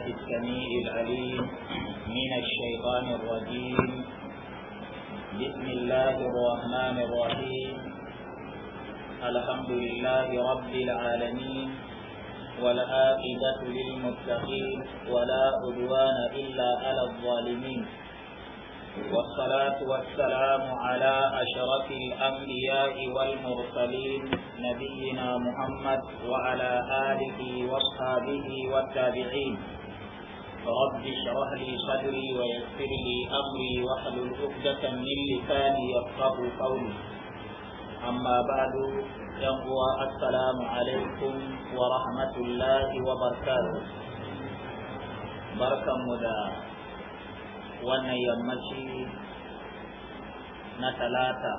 الله السميع العليم من الشيطان الرجيم بسم الله الرحمن الرحيم الحمد لله رب العالمين والعاقبة للمتقين ولا عدوان إلا على الظالمين والصلاة والسلام على أشرف الأنبياء والمرسلين نبينا محمد وعلى آله وصحبه والتابعين رب اشرح لي صدري ويسر لي امري واحلل عقدة من لساني يفقه قولي اما بعد يقوى السلام عليكم ورحمة الله وبركاته بركة مدى وانا يمشي نتلاتا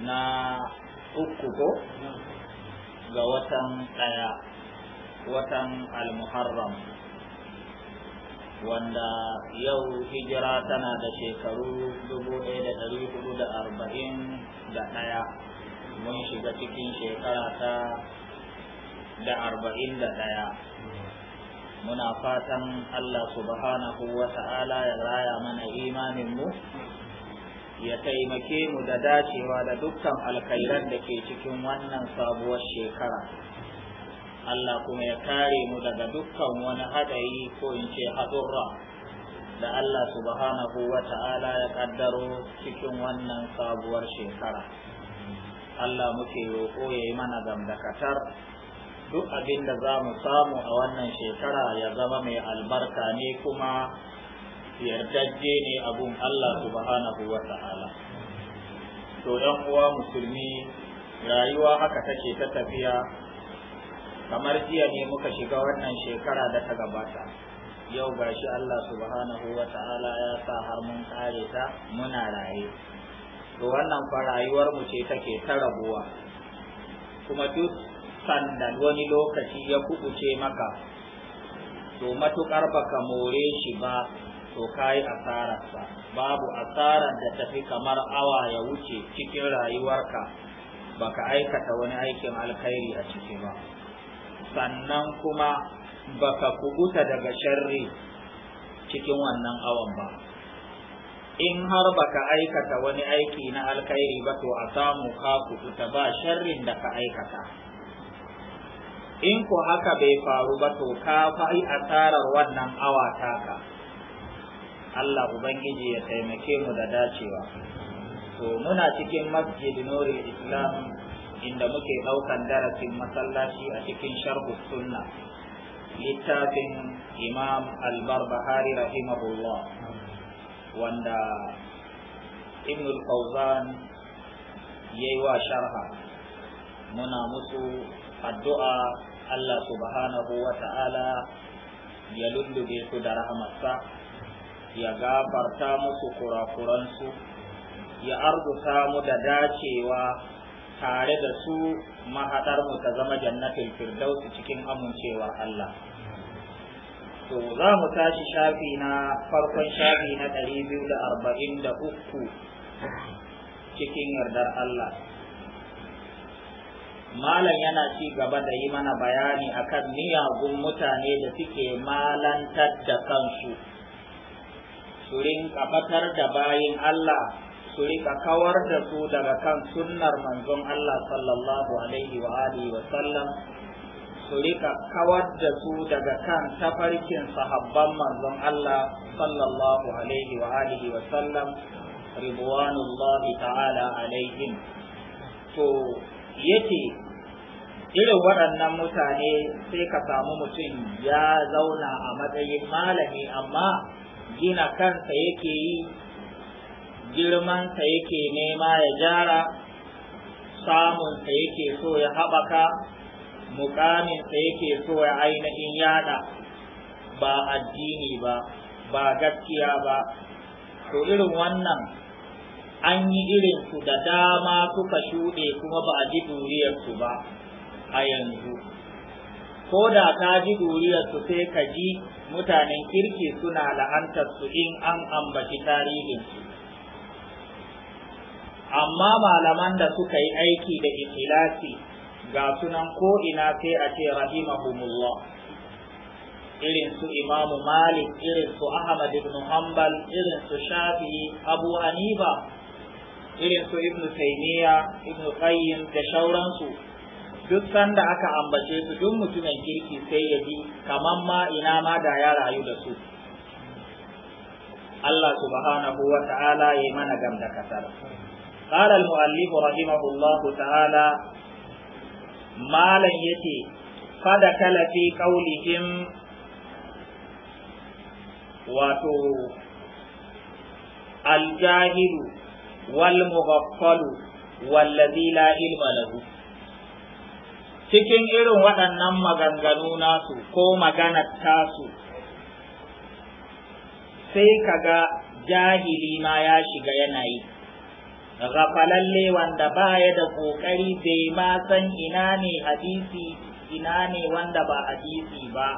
na uku ga watan ɗaya watan al-muharram wanda yau hijira tana da shekaru ɗaya, mun shiga cikin shekara ta da arba'in da ɗaya muna fatan allah subhanahu wa ta'ala ya raya mana imaninmu ya taimake mu da dacewa da dukkan alkhairan da ke cikin wannan sabuwar shekara Allah kuma ya kare mu daga dukkan wani haɗari ko in ce haɗurra da Allah subhanahu wa ta'ala ya kaddaro cikin wannan sabuwar shekara Allah muke roƙo ya yi mana gamdakatar duk abin da za mu samu a wannan shekara ya zama mai albarka ne kuma yardajje ne abun Allah subhanahu wa ta'ala to yan uwa musulmi rayuwa haka take ta tafiya kamar jiya ne muka shiga wannan shekara da ta gabata yau gashi Allah subhanahu wa ta'ala ya sa har mun kare ta muna raye to wannan fa rayuwar mu ce take ta rabuwa kuma duk sandan wani lokaci ya kubuce maka to matukar baka more shi ba to asara asararsa babu asarar da tafi kamar awa ya wuce cikin rayuwarka baka aikata wani aikin alkhairi a ciki ba sannan kuma baka kubuta daga sharri cikin wannan awan ba in har baka aikata wani aiki na alkhairi ba to a samu ka kubuta ba sharrin da ka aikata in ko haka bai faru ba to ka fa'i asarar wannan awa taka Allah Ubangiji ya taimake mu da dacewa. To muna cikin masjid Nuri Islam inda muke ɗaukan darasin masallaci a cikin sharhu sunna littafin Imam Al-Barbahari rahimahullah wanda Ibn al-Fawzan yayi wa sharha muna musu addu'a Allah subhanahu wa ta'ala ya lullube su da rahamarsa ya gafarta musu kurakuransu ya arzuta mu da dacewa tare da su mahaɗarmu ta zama jannatin firdausi cikin amincewar Allah. To za mu tashi shafi na farkon shafi na ɗari biyu da arba'in da uku cikin yardar Allah. Malam yana ci gaba da yi mana bayani akan miyagun mutane da suke malantar da kansu. su rinka batar da bayin Allah su rika kawar da su daga kan sunnar manzon Allah sallallahu alaihi wa alihi wa sallam su rika kawar da su daga kan tafarkin sahabban manzon Allah sallallahu alaihi wa alihi wa sallam ridwanullahi ta'ala alaihim to yace irin waɗannan mutane sai ka samu mutum ya zauna a matsayin malami amma gina kansa yake yi girmansa yake nema ya jara samunsa yake so ya haɓaka mukaminsa yake so ya ainihin yada ba addini ba ba gaskiya ba to irin wannan an yi irinsu da dama suka shuɗe kuma ba a ji duriyarsu ba a yanzu ko da ka ji su sai ka ji mutanen kirki suna la'antar su in an ambaci tarihin amma malaman da suka yi aiki da ikilasi ga sunan ko ina sai a ce rahimahumullah irin su imamu malik irin su ahmad ibn hanbal irin su shafi'i abu hanifa irin su ibn taymiya ibn qayyim da shauransu duk sanda aka ambace su duk mutumin kirki sai ya ji kamar ma ina ma da ya rayu da su Allah subhanahu wa ta'ala ya mana gamda kasar قال المؤلف رحمه الله تعالى مالا يتي فدكل في قولهم واتو الجاهل والمغفل والذي لا علم له cikin irin waɗannan maganganu nasu ko maganar tasu sai kaga jahili ma ya shiga yanayi rafalalle wanda ba ya da ƙoƙari bai ma san ina ne hadisi ina ne wanda ba hadisi ba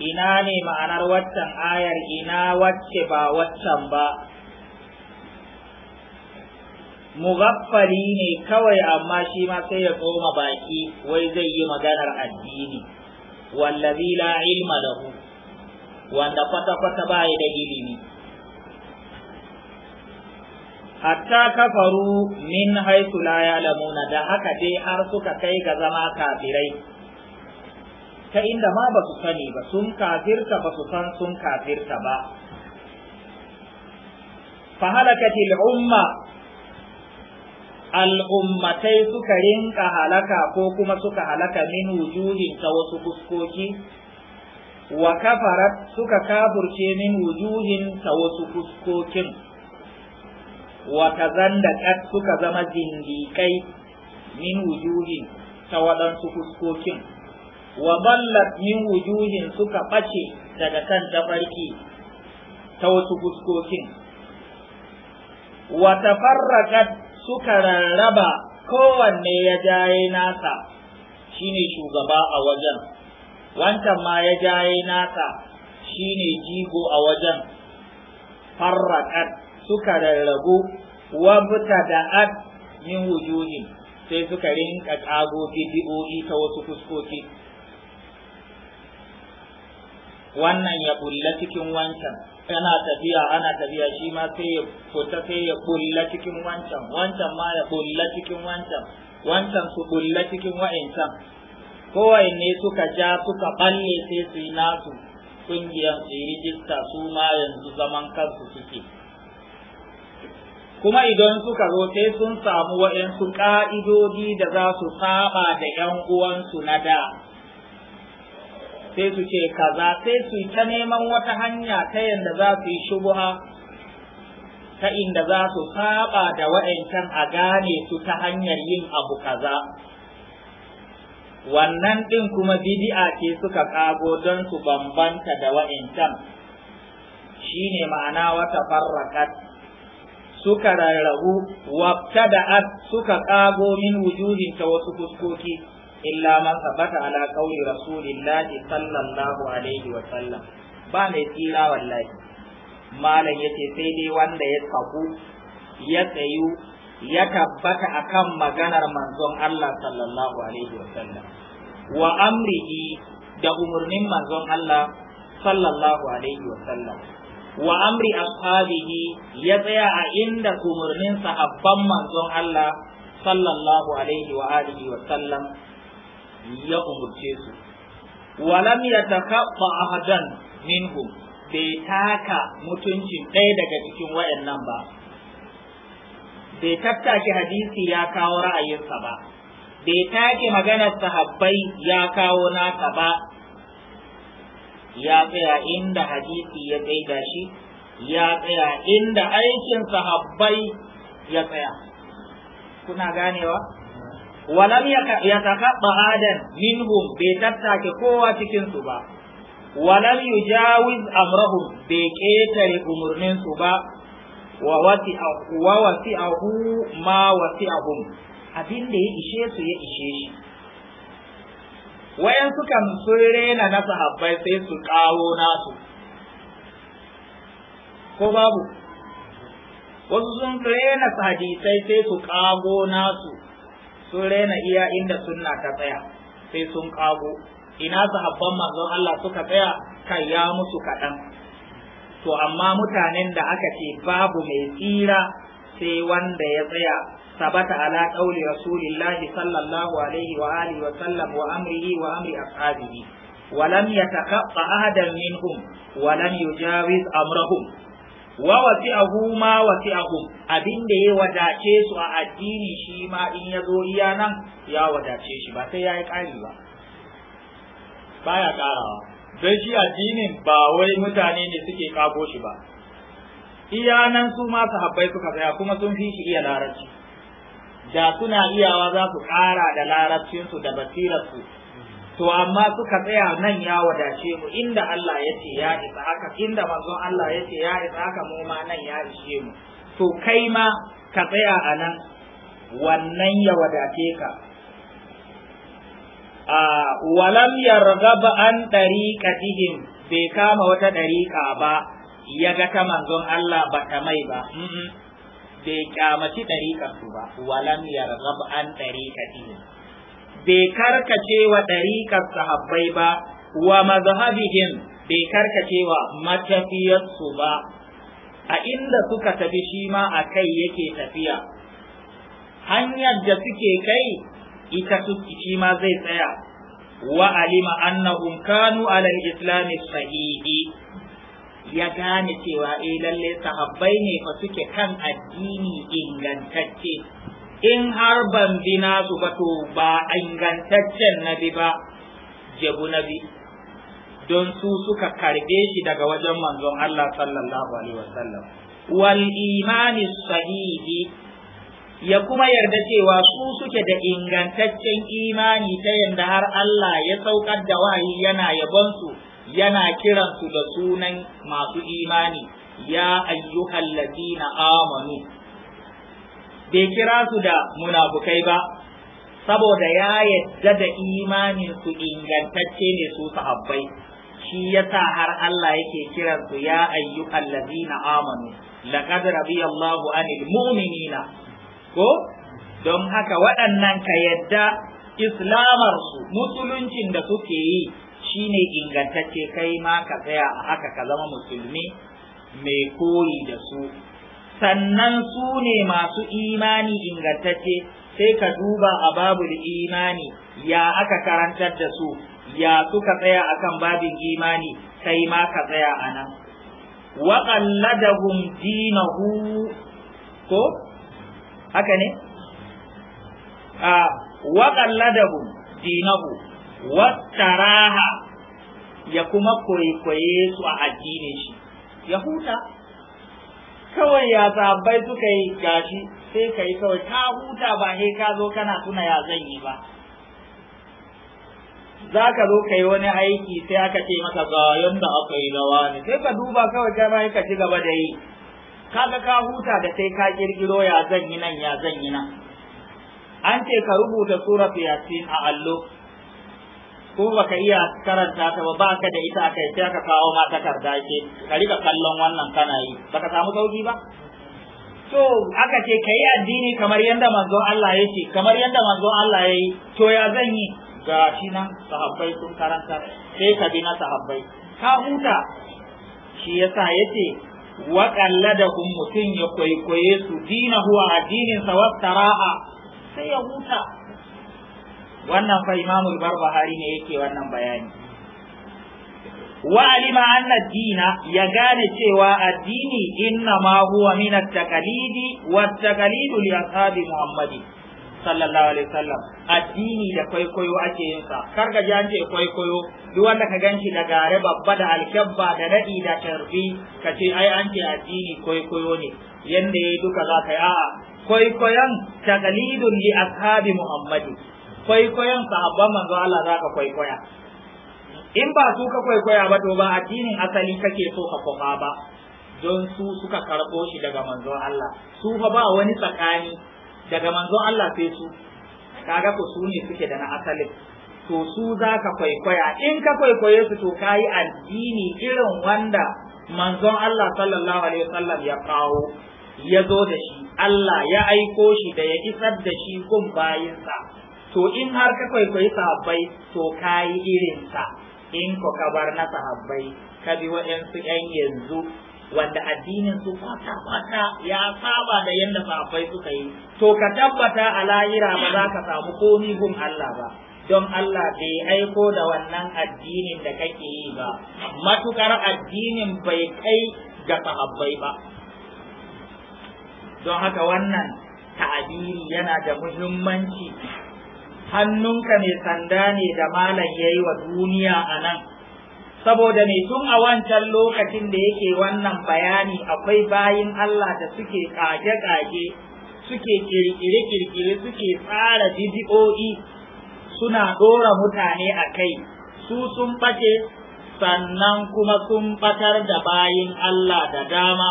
ina ne ma'anar waccan ayar ina wacce ba waccan ba mugaffali ne kawai amma shi ma sai ya tsoma baki wai zai yi maganar addini wallazi la ilma lahu wanda kwata-kwata ba da ilimi hatta kafaru min haisu la ya'lamuna da haka dai har suka kai ga zama kafirai ta inda ma ba su sani ba sun kafirta ba su san sun kafirta ba fa halakatil umma al'ummatai suka rinka halaka ko kuma suka halaka min wujuhin ta wasu fuskoki wa kafarat suka kafurce min wujuhin ta wasu fuskokin wa kazandakat suka zama zindiƙai min wujuhin ta waɗansu fuskokin wa ballat min wujuhin suka ɓace daga kan tafarki ta wasu fuskokin wa tafarrakat suka rarraba kowanne ya jaye nasa shine shugaba a wajen wancan ma ya jaye nasa shine jigo a wajen farraƙat suka rarrabu wabta ad min wujuhin sai suka rinka ƙago bidiyoyi ta wasu fuskoki wannan ya bulla cikin wancan kana tafiya ana tafiya shi ma sai ya fita sai ya bulla cikin wancan wancan ma ya bulla cikin wancan wancan su bulla cikin wa'incan kowai ne suka ja suka balle sai su yi nasu kungiyar su yi rijista su ma yanzu zaman kansu suke kuma idan suka zo sai sun samu wa'yansu ƙa'idodi da za su saba da 'yan uwansu na da sai su ce kaza sai su ta neman wata hanya ta yadda za su yi shubuha ta inda za su saba da wa'ancan a gane su ta hanyar yin abu kaza wannan ɗin kuma bidi'a ce suka kago don su bambanta da wa'ancan shi ne ma'ana wata farrakat suka rarrabu wabta da suka kago min wujuhin ta wasu fuskoki illa man sabata ala qawli rasulillahi sallallahu alaihi wa sallam ba mai tsira wallahi malam yace sai dai wanda ya tsaku ya tsayu ya tabbata akan maganar manzon Allah sallallahu alaihi wa sallam wa amrihi da umurnin manzon Allah sallallahu alaihi wa sallam wa amri ashabihi ya tsaya a inda umurnin sahabban manzon Allah sallallahu alaihi wa alihi wa sallam ya umurce su walam a ahadan minhum bai taka mutuncin ɗaya daga cikin wayannan ba bai tattake hadisi ya kawo ra'ayinsa ba bai taki maganar sahabbai ya kawo nasa ba ya tsaya inda hadisi ya tsaida shi ya tsaya inda aikin sahabbai ya tsaya kuna ganewa walam yatakabba adan minhum bai tattake kowa cikin su ba walam yujawiz amrahum bai ketare umurnin su ba wa wasi'ahu ma wasi'ahum abin da ya ishe su ya ishe shi wayan sukan sun rena na sahabbai sai su kawo nasu ko babu wasu sun rena hadisai sai su kago nasu sun rena iya inda sunna ta tsaya sai sun kago ina sahabban manzon Allah suka tsaya kai ya musu kaɗan to amma mutanen da aka ce babu mai tsira sai wanda ya tsaya sabata ala qauli rasulillahi sallallahu alaihi wa alihi wa sallam wa amrihi wa amri ashabihi ولم يتقطع أحدا منهم ولم يجاوز أمرهم wa ahu ma wasi'ahum abin da ya wadace su a addini shi ma in ya zo iya nan ya wadace shi ba sai ya yi ƙari ba baya ƙarawa don shi addinin ba wai mutane ne suke kago shi ba iya nan su ma sahabbai suka tsaya kuma sun fi shi iya larabci da suna iyawa za su ƙara da larabcinsu da basirarsu to amma suka tsaya nan ya wadace mu inda Allah ya ce ya isa haka inda manzon Allah ya ce ya isa haka mu ma nan ya ishe mu to kai ma ka tsaya a nan wannan ya wadace ka a walam yarghaba an dariqatihim bai kama wata dariƙa ba ya ga ta manzon Allah ba ta mai ba bai kyamaci dariqar su ba walam yarghab an dariqatihim bai karkace wa ɗariƙar sahabbai ba wa mazhabihim bai karkace wa matafiyarsu ba a inda suka tafi shi ma a kai yake tafiya hanyar da suke kai ita shi ma zai tsaya wa alima annahum kanu alal islami sahihi ya gane cewa eh lalle sahabbai ne fa suke kan addini ingantacce in har ban bi nasu ba to ba ingantaccen na bi ba jabu na bi don su suka karbe shi daga wajen manzon Allah sallallahu alaihi wasallam wal imani sahihi ya kuma yarda cewa su suke da ingantaccen imani ta yadda har Allah ya saukar da wahayi yana yabonsu yana su da sunan masu imani ya ladina amanu bai kira su da munafukai ba saboda ya yadda da imanin su ingantacce ne su sahabbai shi yasa har Allah yake kiran su ya ayyukan Lazina amanu laqad Allahu anil mu'minina ko don haka waɗannan ka yadda islamar su musuluncin da suke yi shine ingantacce kai ma ka tsaya a haka ka zama musulmi mai koyi da su sannan su ne masu imani ingantacce sai ka duba a babu imani ya aka karantar da su ya suka tsaya a kan babin imani sai ma ka tsaya a nan waƙalladahun dinahu ko haka ne a waƙalladahun dinahu ya kuma kwaikwaye su a addinin shi ya huta kawai ya sabai suka yi gashi sai ka yi kawai ka huta ba he ka zo kana tuna ya zan yi ba za ka zo ka yi wani aiki sai aka ce maka ga yadda aka yi rawa ne sai ka duba kawai kai ka ci gaba da yi kaga ka huta da sai ka kirkiro ya zan yi nan ya zan yi nan an ce ka rubuta surat yasin a allo ko baka iya karanta ta ba baka da ita kai sai ka kawo ma takarda ce ka rika kallon wannan kana yi baka samu sauki ba to aka ce ka addini kamar yadda manzo Allah ya kamar yadda manzo Allah ya yi to ya zan yi ga shi nan sahabbai sun karanta sai ka bi na sahabbai ka huta shi yasa yace wa qalladahum mutun ya kwaikwaye su dinahu addinin wattara'a sai ya huta wannan fa imamu barbahari ne yake wannan bayani Wa'alima alima anna dina ya gane cewa addini inna ma huwa min at-taqalidi wa taqalidu li ashabi muhammadi sallallahu alaihi wasallam addini da kwaikwayo ake yin sa kar ka ji an ce kwaikwayo duk wanda ka ganshi da gare babba da alkabba da nadi da tarbi ka ce ai an ce addini kwaikwayo ne yanda yayi duka za ka yi a'a kwaikwayon taqalidun li ashabi muhammadi kwaikwayon sahabban manzo Allah za ka kwaikwaya in ba su ka kwaikwaya ba to ba addinin asali kake so ka kuma ba don su suka karɓo shi daga manzo Allah su fa ba wani tsakani daga manzo Allah sai su kaga ko su ne suke da na asalin to su za ka kwaikwaya in ka kwaikwaye su to ka yi addini irin wanda manzon Allah sallallahu alaihi wasallam ya kawo ya zo da shi Allah ya aiko shi da ya isar da shi kun bayinsa to in har ka kwaikwayi sahabbai to ka yi irinsa in ko ka bar na sahabbai ka bi waɗansu 'yan yanzu wanda addinin su kwata kwata ya saba da yadda sahabbai suka yi to ka tabbata a lahira ba za ka samu komi gun Allah ba don Allah bai aiko da wannan addinin da kake yi ba matukar addinin bai kai ga sahabbai ba don haka wannan ta'abiri yana da muhimmanci hannunka mai sanda ne da malam ya yi wa duniya a nan saboda mai tun a wancan lokacin da yake wannan bayani akwai bayin Allah da suke kage-kage suke kirkire-kirkire suke tsara bidiyo'i suna ɗora mutane a kai su sun ɓace sannan kuma sun ɓatar da bayin Allah da dama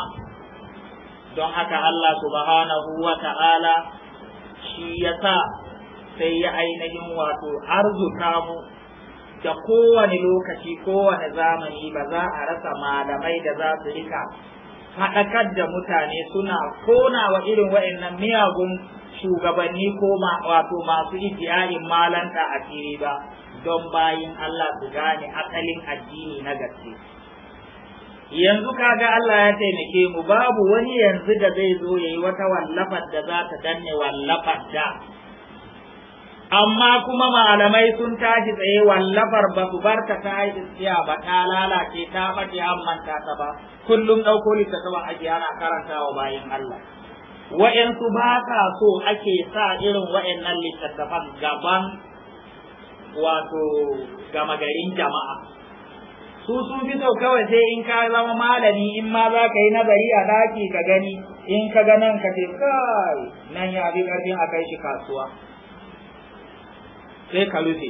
don haka Allah subhanahu wa ta'ala shi ya sa sai ya ainihin wato arzuta mu da kowane lokaci kowane zamani ba za a rasa malamai da za su rika faɗakar da mutane suna konawa irin waɗannan miyagun shugabanni ko wato masu ijiyarin malanta a fili ba don bayan Allah su gane asalin addini na gaske. yanzu kaga Allah ya taimake mu babu wani yanzu da zai zo yayi wata wallafar da za ta danne wallafar da amma kuma malamai sun tashi tsaye wallafar ba su barta ta yi tsiya ba ta lalace ta bace manta ta ba kullum ɗauko littattafan ake ana karanta wa bayan Allah wa'yansu ba ka so ake sa irin wa'yannan littattafan gaban wato gama garin jama'a su sun fi kawai sai in ka zama malami in ma za ka yi nazari a daki ka gani in ka ga nan ka ce kai nan ya bi ƙarfin a kai shi kasuwa sai ka rufe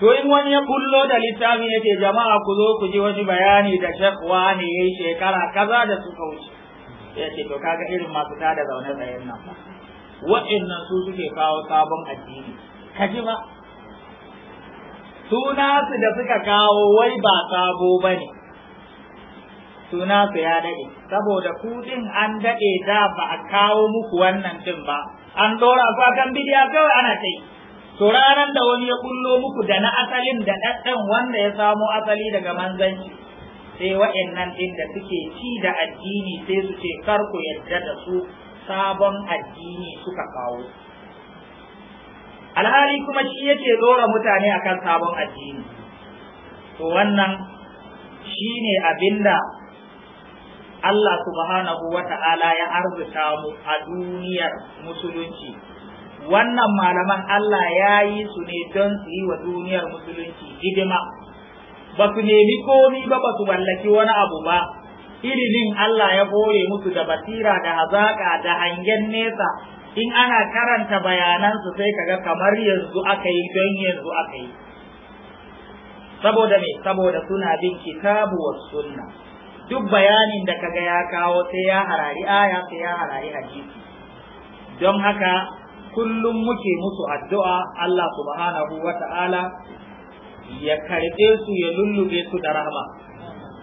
to in wani ya kullo da littafin ce, jama'a ku zo ku ji wani bayani da shekwa ne ya yi shekara kaza da suka wuce ya ce to kaga irin masu tada zaune tsayen nan ba wa'annan su suke kawo sabon addini ka ji ba suna su da suka kawo wai ba sabo ba ne suna su ya daɗe saboda kudin an daɗe da ba a kawo muku wannan din ba an ɗora su akan bidiya kawai ana ta yi to ranar da wani ya kullo muku da na asalin da ɗaɗɗan wanda ya samo asali daga manzanci sai wa'annan ɗin da suke ci da addini sai su ce kar ku yadda da su sabon addini suka kawo alhali kuma shi yake dora mutane akan sabon addini to wannan shine abinda Allah subhanahu wa ta'ala ya arzuta mu a duniyar musulunci wannan malaman Allah ya yi su ne don su yi wa duniyar musulunci hidima ba su nemi komi ba ba su wallaki wani abu ba ilimin Allah ya boye musu da basira da hazaka da hangen nesa in ana karanta bayanansu sai kaga kamar yanzu aka yi don yanzu aka yi saboda me saboda suna bin kitabu wa sunna duk bayanin da kaga ya kawo sai ya harari aya sai ya harari hadisi don haka kullum muke musu addu'a Allah subhanahu wa ta'ala ya karɓe su ya lullube su da rahama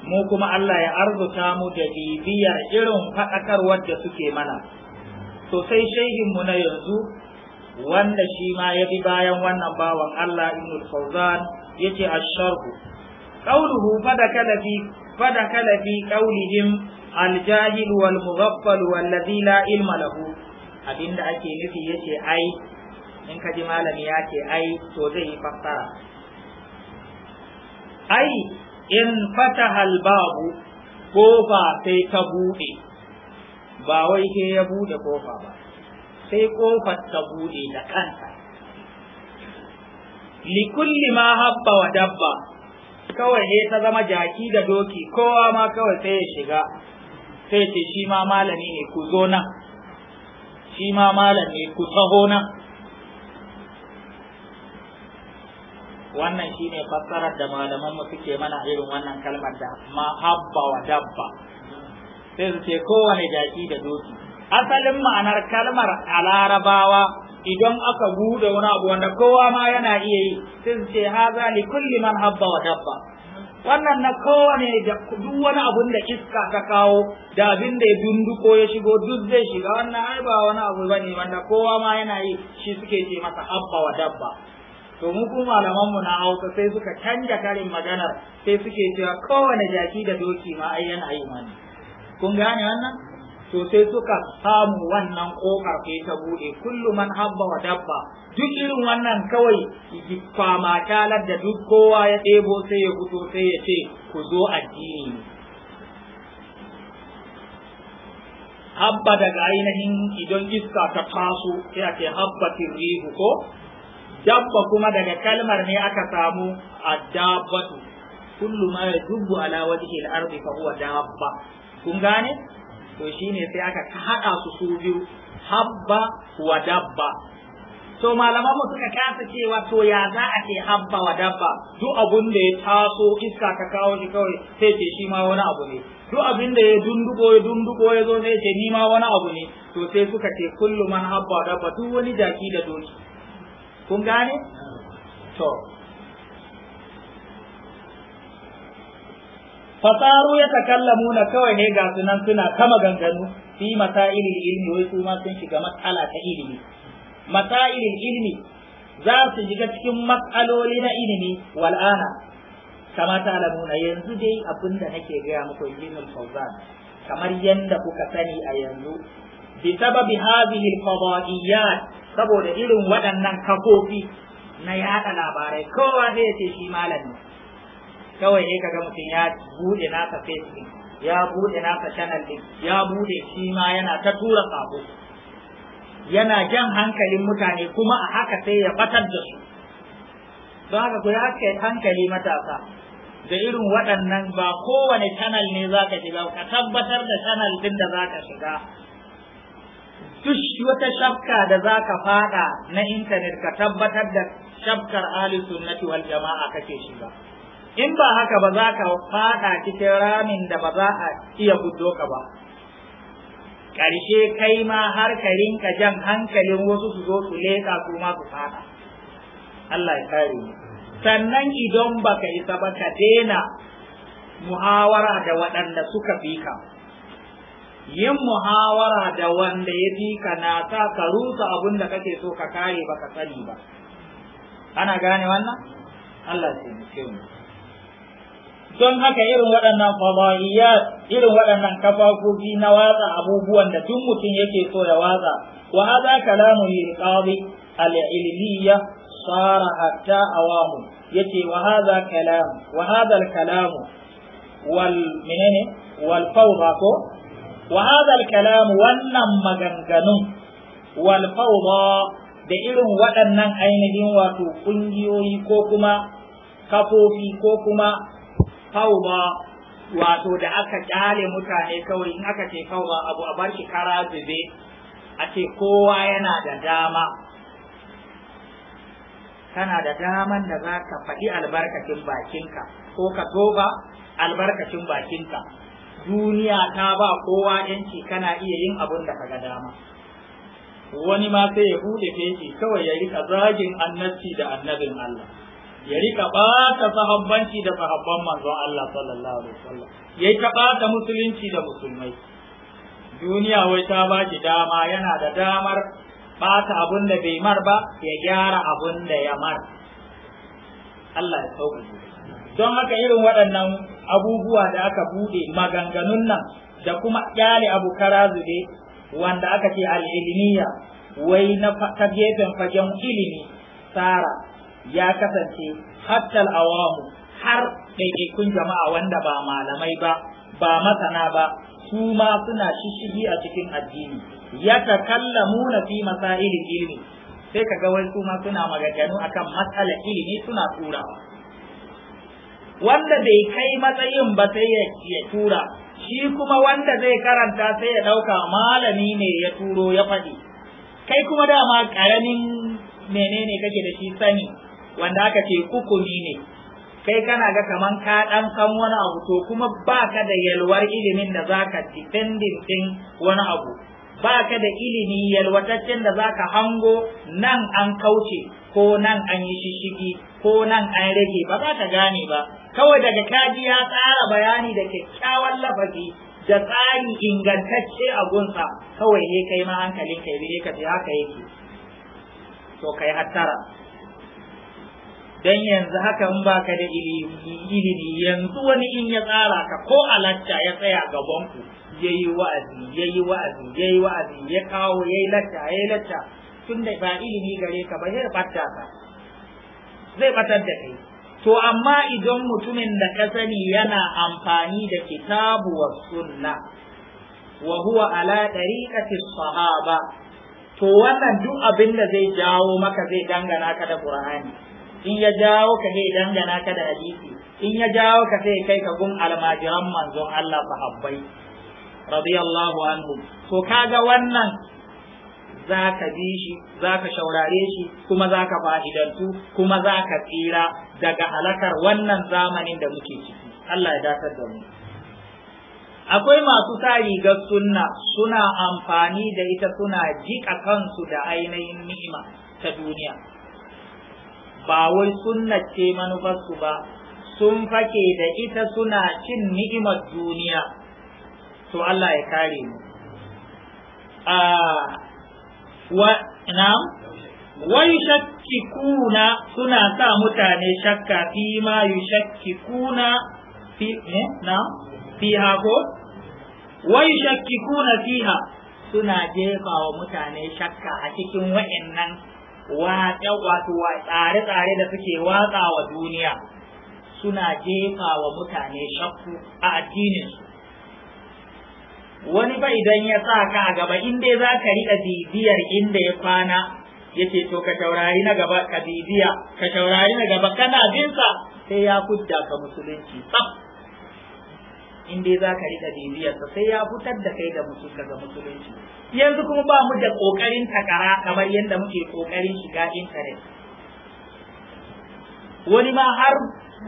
mu kuma Allah ya arzuta mu da bibiyar irin faɗakarwar da suke mana Sosai sai shehinmu na yanzu wanda shi ma ya bi bayan wannan bawan Allah ibn al-Fawzan yace ash-sharh qawluhu fadakala fi fadakala fi qawlihim wal-mughaffal la ilma lahu Abin da ake nufi yake ai in ka ji malami ya ce ai to zai yi fassara ai in fataha babu kofa sai ta bude ba wai ke ya buɗe kofa ba sai kofar ta buɗe da kanta likulli ma habba wa dabba kawai ne ta zama jaki da doki kowa ma kawai sai ya shiga sai ce shi ma malami ne ku zo nan shi ma malam ne ku taho na wannan shine fassarar da malaman mu suke mana irin wannan kalmar da ma wa dabba sai su ce kowane jaki da doki asalin ma'anar kalmar alarabawa, idan aka bude wani abu wanda kowa ma yana iya yi sai su ce haza li kulli man habba wa dabba wannan na kowane da duk wani abun da iska ta kawo da abin da ya dunduko ya shigo duk zai shiga wannan ai ba wani abu bane wanda kowa ma yana yi shi suke ce masa habba wa dabba to mu kuma malaman mu na Hausa sai suka canja karin maganar sai suke cewa kowane jaki da doki ma ai yana yi mani kun gane wannan to sai suka samu wannan ƙofar sai ta buɗe kullu man habba wa dabba duk irin wannan kawai kwama talar da duk kowa ya ɗebo sai ya fito sai ya ce ku zo addini habba daga ainihin idan iska ta taso sai a ce habba ko dabba kuma daga kalmar ne aka samu addabatu kullu ma yadubbu ala wajhi al-ardi fa huwa dabba kun gane to shine sai aka haɗa su su biyu habba wa dabba to malaman mu suka kasa cewa to ya za a ce habba wa dabba duk abun da ya taso iska ka kawo shi kawai sai ce shi ma wani abu ne duk abin da ya dunduko ya dunduko ya zo sai ce ni ma wani abu ne to sai suka ce kullu man habba wa dabba duk wani jaki da doki kun gane to fasaru ya takallamu na kawai ne ga sunan suna kama ganganu fi masailil ilmi wai su ma sun shiga matsala ta ilimi masailil ilimi za su shiga cikin matsaloli na ilimi wal'ana kama ta alamuna yanzu dai abin da nake gaya muku ilimin fauzan kamar yadda kuka sani a yanzu bi sababi hadhihi al saboda irin waɗannan kafofi na yada labarai kowa zai ce shi malami kawai ne kaga mutum ya bude nasa facebook ya bude nasa channel din ya bude shi ma yana ta tura sako yana jan hankalin mutane kuma a haka sai ya batar da su don haka ku haka hankali matasa da irin waɗannan ba kowane channel ne za ka shiga ka tabbatar da channel din da za ka shiga duk wata shafka da za ka fada na intanet ka tabbatar da shafkar ahli sunnati wal jama'a kake shiga in ba haka ba za ka fada cikin ramin da ba za a iya gudo ka ba ƙarshe kai ma har ka rinka jan hankalin wasu su zo su leƙa su ma su fada Allah ya kare mu sannan idan baka isa ba ka daina muhawara da waɗanda suka fi ka yin muhawara da wanda ya fi ka na sa ka rusa abin da kake so ka kare ba ka sani ba ana gane wannan Allah ya taimake mu don haka irin waɗannan fadaiya irin waɗannan kafafofi na watsa abubuwan da tun mutum yake so ya watsa wa hadha kalamu al-qadi al-ilmiyya sara hatta awamu yace wa hadha kalam wa hadha al-kalam wal menene wal fawda ko wa hadha al-kalam wannan maganganun wal fawda da irin waɗannan ainihin wato ƙungiyoyi ko kuma kafofi ko kuma kauma wato da aka kyale mutane kawai in aka ce kauma abu a bar shi kara zube a ce kowa yana da dama kana da daman da za ka faɗi albarkacin bakinka ko ka toba albarkacin bakinka duniya ta ba kowa yanci kana iya yin abin da ka dama wani ma sai ya hude feci kawai ya rika zagin annabci da annabin Allah ya rika ɓata sahabbanci da sahabban manzon Allah sallallahu alaihi wasallam yayi ta ɓata musulunci da musulmai duniya wai ta ba shi dama yana da damar ɓata abin da bai mar ba ya gyara abin da ya mar Allah ya sauka don haka irin waɗannan abubuwa da aka buɗe maganganun nan da kuma kyale abu karazu ne wanda aka ce al-ilmiya wai na ta gefen fagen ilimi tsara ya kasance hatta awamu har ɗaiɗaikun jama'a wanda ba malamai ba ba masana ba su ma suna shishigi a cikin addini ya takallamuna fi masailin ilmi sai ka ga wasu ma suna maganganu akan matsalar ilimi suna tura wanda bai kai matsayin ba sai ya tura shi kuma wanda zai karanta sai ya ɗauka malami ne ya turo ya faɗi kai kuma dama ƙaramin menene kake da shi sani wanda aka ce hukumi ne kai kana ga kaman ka dan san wani abu to kuma baka da yalwar ilimin da zaka ci din wani abu baka da ilimi yalwataccen da zaka hango nan an kauce ko nan an yi shishigi ko nan an rage ba za ka gane ba kawai daga kaji ya tsara bayani da kyakkyawan lafazi da tsari ingantacce a gunsa kawai ne kai ma hankalin kai ne ka ji haka yake to kai hattara dan yanzu haka in baka da ilimi yanzu wani in ya tsara ka ko lacca ya tsaya gaban ku yayi wa'azi yayi wa'azi yayi wa'azi ya kawo yayi lacca yayi lacca tunda ba ilimi gare ka ba zai batta ka zai batar da kai to amma idan mutumin da ka sani yana amfani da kitabu wa sunna wa huwa ala tariqati sahaba to wannan duk abin da zai jawo maka zai dangana ka da qur'ani in ya jawo ka sai dangana ka da hadisi in ya jawo ka sai kai ka gun almajiran manzon Allah sahabbai radiyallahu anhu to kaga wannan za ka bi shi za ka shaurare shi kuma za ka fa'idantu kuma za ka tsira daga halakar wannan zamanin da muke ciki Allah ya dakar da mu akwai masu sa rigar sunna suna amfani da ita suna jika kansu da ainihin ni'ima ta duniya ba wai sunnace manufarsu ba sun fake da ita suna cin ni'imar duniya to Allah ya kare mu a wa na wai kuna suna sa mutane shakka fi ma kuna fi eh, na ha ko wai fi fiha suna jefa wa mutane shakka a cikin wa'annan wato tsare-tsare da suke watsa wa duniya suna jefa wa mutane shakku a addininsu wani ba idan ya sa ka a gaba in dai za ka riƙa bibiyar inda ya kwana ya ce to ka taurari na gaba ka bibiya ka taurari na gaba kana binsa sai ya kudda ka musulunci tsaf in dai za ka riƙa bibiyarsa sai ya fitar da kai ga daga musulunci yanzu kuma ba mu da ƙoƙarin takara kamar yadda muke ƙoƙarin shiga intanet wani ma har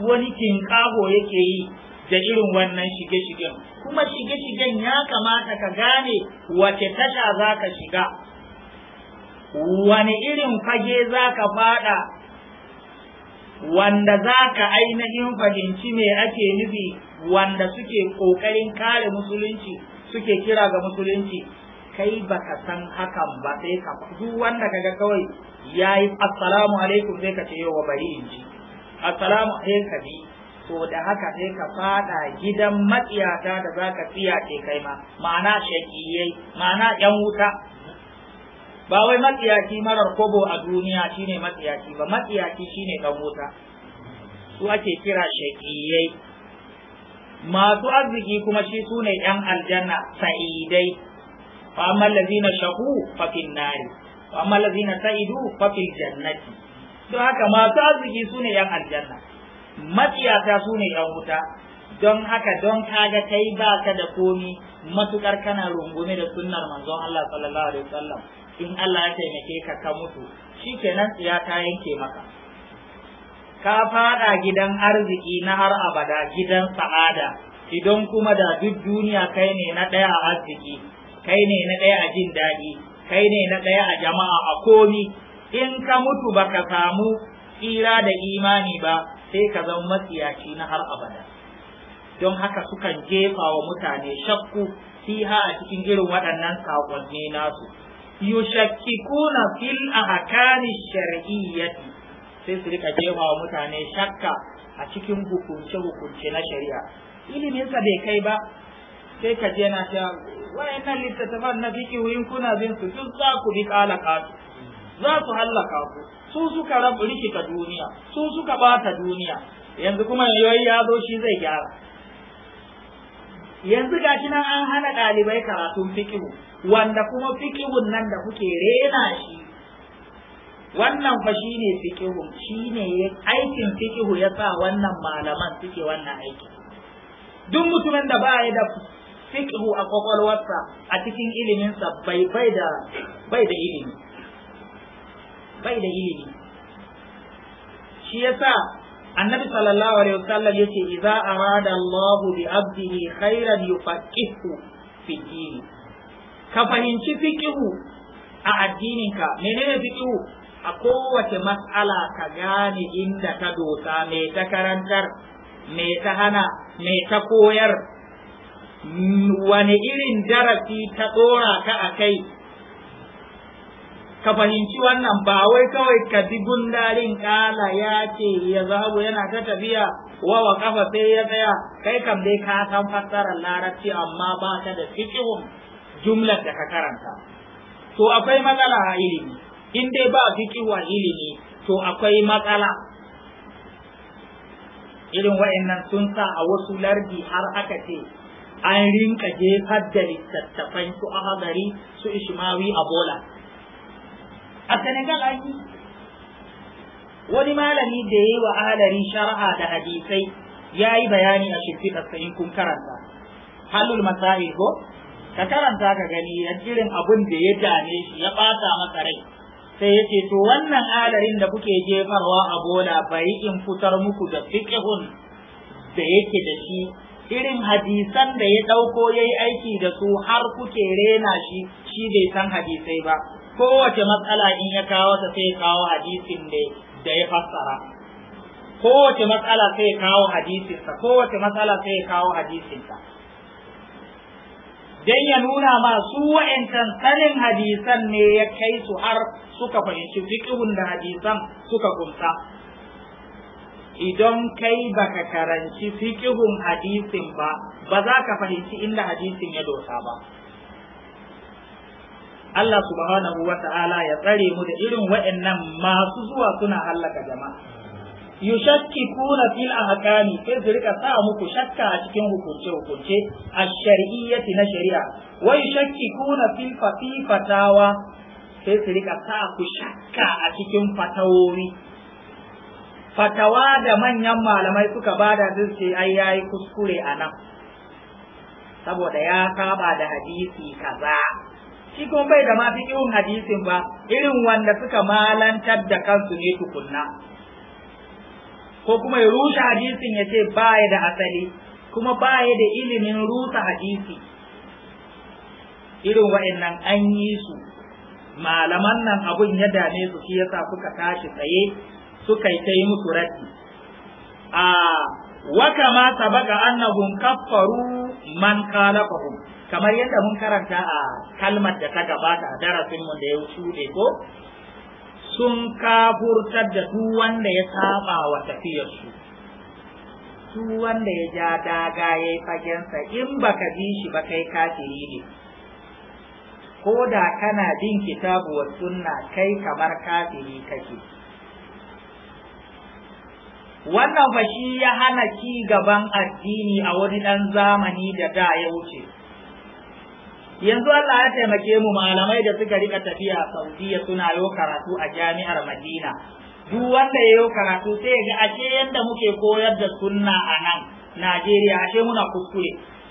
wani kinƙaho yake yi da irin wannan shige-shigen kuma shige-shigen ya kamata ka gane wace tasha za ka shiga Wani irin fage za ka fada wanda za ka ainihin fahimci me ake nufi wanda suke ƙoƙarin kare musulunci suke kira ga musulunci kai baka san hakan ba sai ka duk wanda ka ga kawai yayi assalamu alaikum sai ka ce yau wa bari in ji assalamu sai bi to da haka sai ka fada gidan matsiyata da zaka tsiya ce kai ma ma'ana shakiyai ma'ana yan wuta ba wai matsiyaci marar kobo a duniya shine matsiyaci ba matsiyaci shine dan wuta su ake kira shaƙiyai masu arziki kuma shi sune yan aljanna sa'idai fa amal ladina shaqu fa fil nari fa amal ladina sa'idu fa fil jannati to haka masu arziki sune ne yan aljanna matsiyata sune ne yan wuta don haka don kaga kai ba ka da komi matukar kana rungume da sunnar manzon Allah sallallahu alaihi wasallam in Allah ya taimake ka ka mutu shi na ya ta yanke maka ka fada gidan arziki na har abada gidan sa'ada idan kuma da duk duniya kai ne na ɗaya a arziki kai ne na ɗaya a jin daɗi kai ne na ɗaya a jama'a a komi in ka mutu ba ka samu tsira da imani ba sai ka zama matsiyaci na har abada don haka sukan jefa wa mutane shakku fiha a cikin irin waɗannan saƙonni nasu yushakkikuna fil ahkami shar'iyyati sai su rika jefa wa mutane shakka a cikin hukunce hukunce na shari'a ilimin sa bai kai ba sai ka je na ta wayannan littattafan na fikihuyin kuna bin su duk za ku bi kalaka za su hallaka ku su suka rabu rikita duniya su suka bata duniya yanzu kuma yayi ya zo shi zai gyara yanzu gashi nan an hana ɗalibai karatun fikihu wanda kuma fikihun nan da kuke rena shi wannan fa shi ne fikihu shi ne aikin fikihu ya sa wannan malaman suke wannan aiki duk mutumin da ba ya da fikihu a kwakwalwarsa a cikin iliminsa bai bai da bai da ilimi bai da ilimi shi yasa annabi sallallahu alaihi wasallam yace idza arada Allahu bi abdihi khairan yufaqihu fi dini ka fahimci fiqihu a addininka menene fiqihu a kowace mas'ala ka gane inda ta dosa me ta karantar me ta hana me ta koyar wani irin darasi ta dora ka a kai ka fahimci wannan ba wai kawai ka bi gundarin kala ya ce ya zabu yana ta tafiya wa wa kafa sai ya tsaya kai kam dai ka san fassarar larabci amma ba ka da fikihun jumla da ka karanta to akwai matsala a ilimi in dai ba fikihu a ilimi to akwai matsala irin wa'annan sun sa a wasu lardi har aka ce an rinka jefar da littattafan su hadari su ishmawi a bola a senegal Aiki, wani malami da ya yi wa ahalari shari'a da hadisai ya yi bayani a shimfiɗarsa in kun karanta halul masari ko ka karanta ka gani a jirin abin da ya dame shi ya ɓata masa rai sai ya ce to wannan adarin da kuke jefarwa a bola bari in fitar muku da fiqhun da yake da shi irin hadisan da ya ɗauko ya yi aiki da su har kuke rena shi shi bai san hadisai ba kowace matsala in ya kawo ta sai kawo hadisin da ya fassara kowace matsala sai kawo hadisin kowace matsala sai kawo hadisin sa ya nuna ma su wa'ancan sanin hadisan ne ya kai su har suka fahimci fiqhun da hadisan suka kunsa idan kai baka karanci fiqhun hadisin ba ba za ka fahimci inda hadisin ya dosa ba Allah subhanahu wa ta'ala ya tsare mu da irin wa'annan masu zuwa suna hallaka jama'a yushakkikuna fil ahkami sai su rika sa muku shakka a cikin hukunce hukunce a shari'iyyati na shari'a wa yushakkikuna fil fatawa sai su rika sa ku shakka a cikin fatawowi fatawa da manyan malamai suka bada sun ce ai yayi kuskure a nan saboda ya saba da hadisi kaza shi kuma bai da masu irin hadisin ba irin wanda suka malantar da kansu ne tukunna ko kuma ya rushe hadisin ya ce baya da asali kuma baya da ilimin rusa hadisi irin wa'annan an yi su malaman nan abun ya dame su shi yasa suka tashi tsaye suka yi ta yi musu raddi a waka ma sabaka annahum kaffaru man khalaqahum kamar yadda mun karanta a kalmar da ta gabata a darasin mu da ya shuɗe ko sun kafurtar da duk wanda ya saba wa tafiyarsu duk wanda ya ja daga ya yi sa in baka bi shi ba kai kafiri ne ko da kana bin kitabu wa sunna kai kamar kafiri kake wannan fashi ya hana ci gaban addini a wani ɗan zamani da da ya wuce yanzu Allah ya taimake mu malamai da suka rika tafiya Saudiya suna yau karatu a jami'ar Madina duk wanda ya yau karatu sai ga ashe yadda muke koyar da sunna a nan Najeriya ashe muna kuskure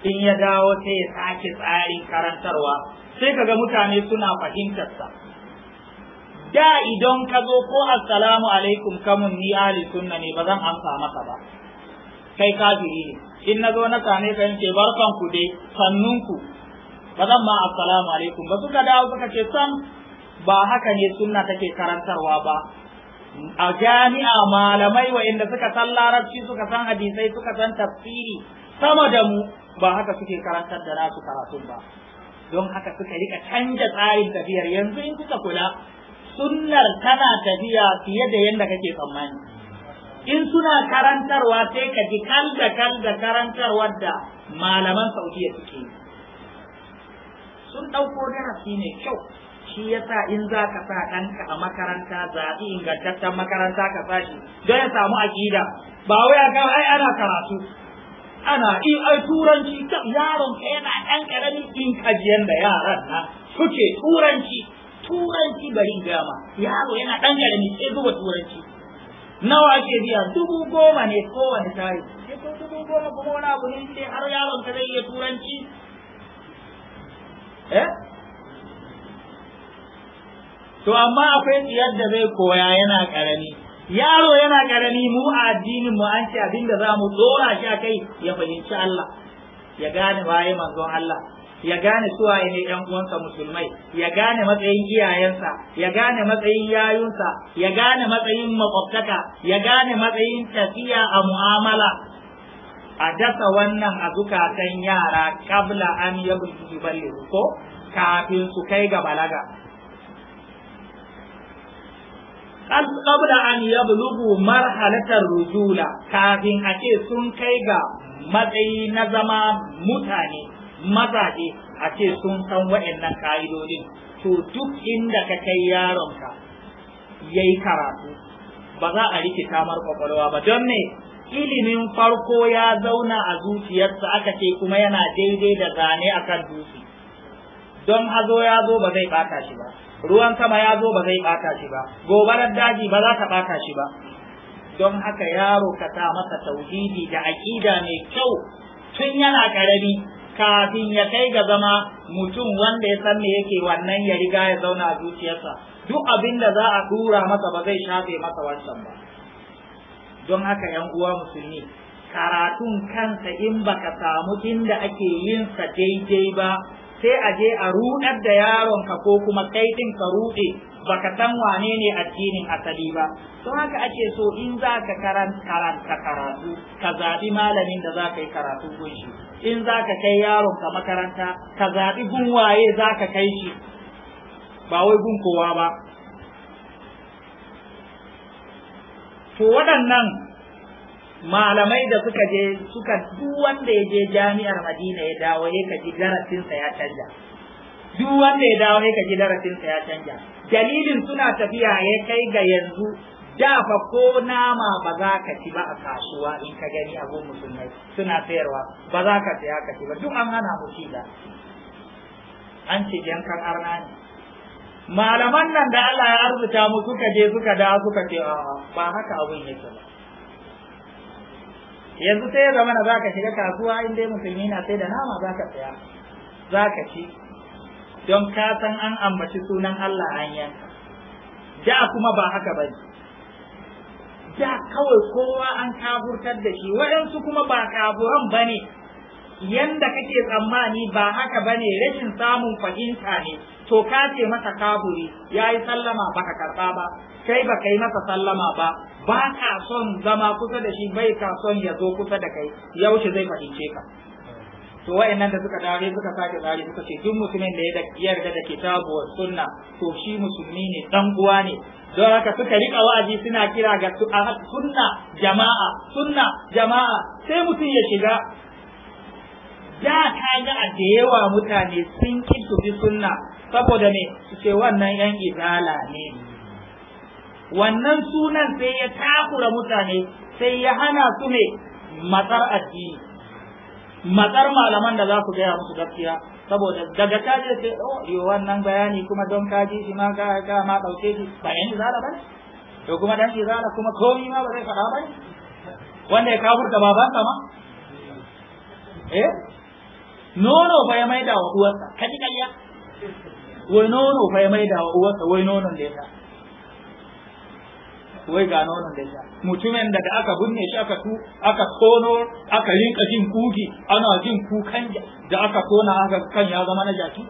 in ya dawo sai ya sake tsarin karantarwa sai kaga mutane suna fahimtar sa da idan ka zo ko assalamu alaikum kamun ni ali sunna ne ba zan amsa maka ba kai kafiri ne in na zo na same ka yanke barkan ku dai sannunku bazan ma assalamu alaikum ba suka dawo suka ce san ba haka ne sunna take karantarwa ba a jami'a malamai wa'inda suka san larabci suka san hadisai suka san tafsiri sama da mu ba haka suke karantar da nasu karatun ba don haka suka rika canja tsarin tafiyar yanzu in kuka kula sunnar tana tafiya fiye da yadda kake tsammani in suna karantarwa sai ka ji kal da kal da karantarwar da malaman saudiya suke sun ɗauko darasi mai kyau shi yasa in za ka sa ɗanka a makaranta zaɓi ingantaccen makaranta ka sa shi don ya samu aƙida ba wai a ga ai ana karatu ana in ai turanci yaron ka yana ɗan ƙarami in kajiyan da yaran na suke turanci turanci bari gama yaro yana ɗan ƙarami sai zuwa turanci nawa ake biya dubu goma ne kowane tare sai ko dubu goma kuma wani abu ne sai har yaron ka zai iya turanci Eh? to amma akwai tsiyar da zai koya yana ƙarami. yaro yana ƙarami mu a addinin mu an ce abin da za mu tsora shi a kai, ya fahimci Allah ya gane waye manzon Allah ya gane suwa ne yan uwansa musulmai ya gane matsayin iyayensa ya gane matsayin yayunsa ya gane matsayin makwabtaka ya gane matsayin tafiya a mu'amala a dasa wannan a zukatan yara kabla an yabu balle ko kafin su kai ga balaga kabla an yablugu marhalatar rujula kafin a ce sun kai ga matsayi na zama mutane mazaje a ce sun san waɗannan ka'idodin to duk inda ka kai yaronka ya yi karatu ba za a rikita mar kwakwalwa ba don ne ilimin farko ya zauna a zuciyarsa aka ce kuma yana daidai da zane a kan dutse don hazo ya zo ba zai ɓata shi ba ruwan sama ya zo ba zai ɓata shi ba gobarar daji ba za ta ɓata shi ba don haka yaro ka sa masa tauhidi da aƙida mai kyau tun yana ƙarami kafin ya kai ga zama mutum wanda ya san me yake wannan ya riga ya zauna a zuciyarsa duk abin da za a dura masa ba zai shafe masa wancan ba don haka yan uwa musulmi karatun kansa in baka samu inda ake yin sa daidai ba sai a je a rudar da yaron ka ko kuma kai din ka rude baka san wane ne addinin asali ba don haka ake so in za ka karanta karatu ka zaɓi malamin da za ka yi karatu shi in za ka kai yaronka makaranta ka zaɓi gunwaye za ka kai shi ba wai gun kowa ba to waɗannan malamai da suka je suka duk wanda ya je jami'ar madina ya dawo ya kaji darasinsa ya canja duk wanda ya dawo ya kaji darasinsa ya canja dalilin suna tafiya ya kai ga yanzu da fa ko nama ba za ka ci ba a kasuwa in ka gani abu musulmai suna sayarwa ba za ka saya ka ci ba duk an hana mu ci da an ce yankan arna ne malaman nan da Allah ya arzuta mu suka je suka da suka ce ba haka abin yake ba yanzu sai ya zama za ka shiga kasuwa in dai musulmi na sai da nama za ka saya za ka ci don ka san an ambaci sunan Allah an yanka da kuma ba haka ba da kawai kowa an kafurtar da shi waɗansu kuma ba kafuran ba ne yanda kake tsammani ba haka ba ne rashin samun fahimta ne to ka ce masa kaburi ya yi sallama baka karɓa ba kai ba kai masa sallama ba ba ka son zama kusa da shi bai ka son ya zo kusa da kai yaushe zai fahimce ka to wayannan da suka dare suka sake tsari suka ce duk musulmin da ya yarda da ke tabuwar sunna to shi musulmi ne dan uwa ne don haka suka rika wa'azi suna kira ga sunna jama'a sunna jama'a sai mutum ya shiga da ta ga da yawa mutane sun ki su bi sunna saboda me su ce wannan yan izala ne wannan sunan sai ya takura mutane sai ya hana su ne matsar addini matsar malaman da za ku gaya musu gaskiya saboda daga ta je sai oh yi wannan bayani kuma don ka ji shi ma ga ga ma dauke shi ba yan izala ba to kuma dan izala kuma komai ma ba zai faɗa ba wanda ya kafurta babansa ma eh nono ba ya maida wa uwarsa kaji kariya wai nono fa ya maida wa uwarsa wai nonon da ya sha wai ga nonon da ya mutumin da aka binne shi aka tu aka tono aka rinka jin kuki, ana jin kukan da aka tona aka kan ya zama na jaki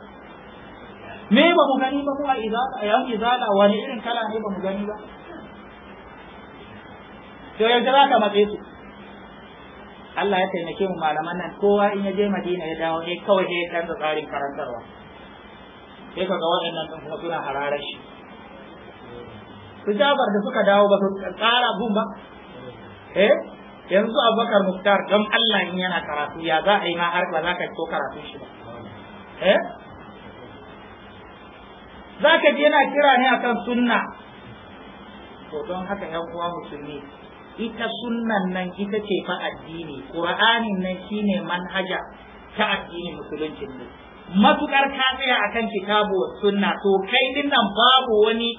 me ba mu gani ba mu a izala yan izala wani irin kala ne ba mu gani ba to ya jira ka matse su Allah ya taimake mu malaman nan kowa in ya je Madina ya dawo ne kawai ya canza tsarin karantarwa sai kaga waɗannan sun kuma suna hararar shi su jabar da suka dawo ba su tsara gun ba eh yanzu abubakar muktar don allah in yana karatu ya za a yi ma har ba za ka so karatu shi ba eh za ka ji yana kira ne akan sunna to don haka yan uwa musulmi ita sunnan nan ita ce fa addini qur'anin nan shine manhaja ta addini musulunci ne matukar ka tsaya kan kitabu sunna to kai nan babu wani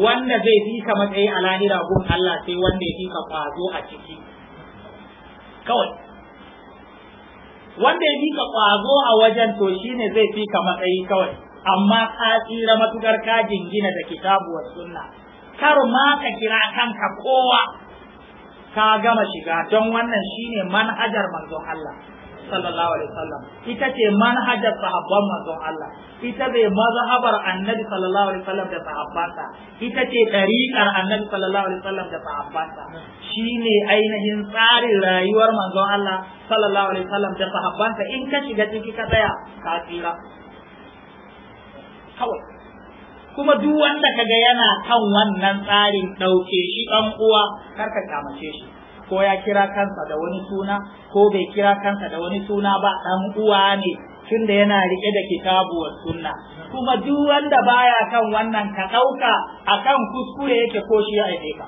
wanda zai fi ka matsayi a lahira gun Allah sai wanda ya fi ka kwazo a ciki kawai wanda ya fi ka kwazo a wajen to shine zai fi ka matsayi kawai amma ka tsira matukar ka jingina da kitabu sunna kar ma ka kira kanka kowa ka gama shiga don wannan shine manhajar manzon Allah sallallahu alaihi wasallam ita ce manhajar sahabban manzon Allah ita bai mazhabar annabi sallallahu alaihi wasallam da sahabbansa ita ce dariƙar annabi sallallahu alaihi wasallam da sahabbansa shine ainihin tsarin rayuwar manzon Allah sallallahu alaihi wasallam da sahabbansa in ka shiga ciki ka tsaya ka tsira kawai kuma duk wanda kaga yana kan wannan tsarin dauke shi dan uwa karka kamace shi ko ya kira kansa da wani suna ko bai kira kansa da wani suna ba dan uwa ne tunda yana rike da kitabu wa sunna kuma duk wanda baya kan wannan ka dauka akan kuskure yake ko shi ya aibe ka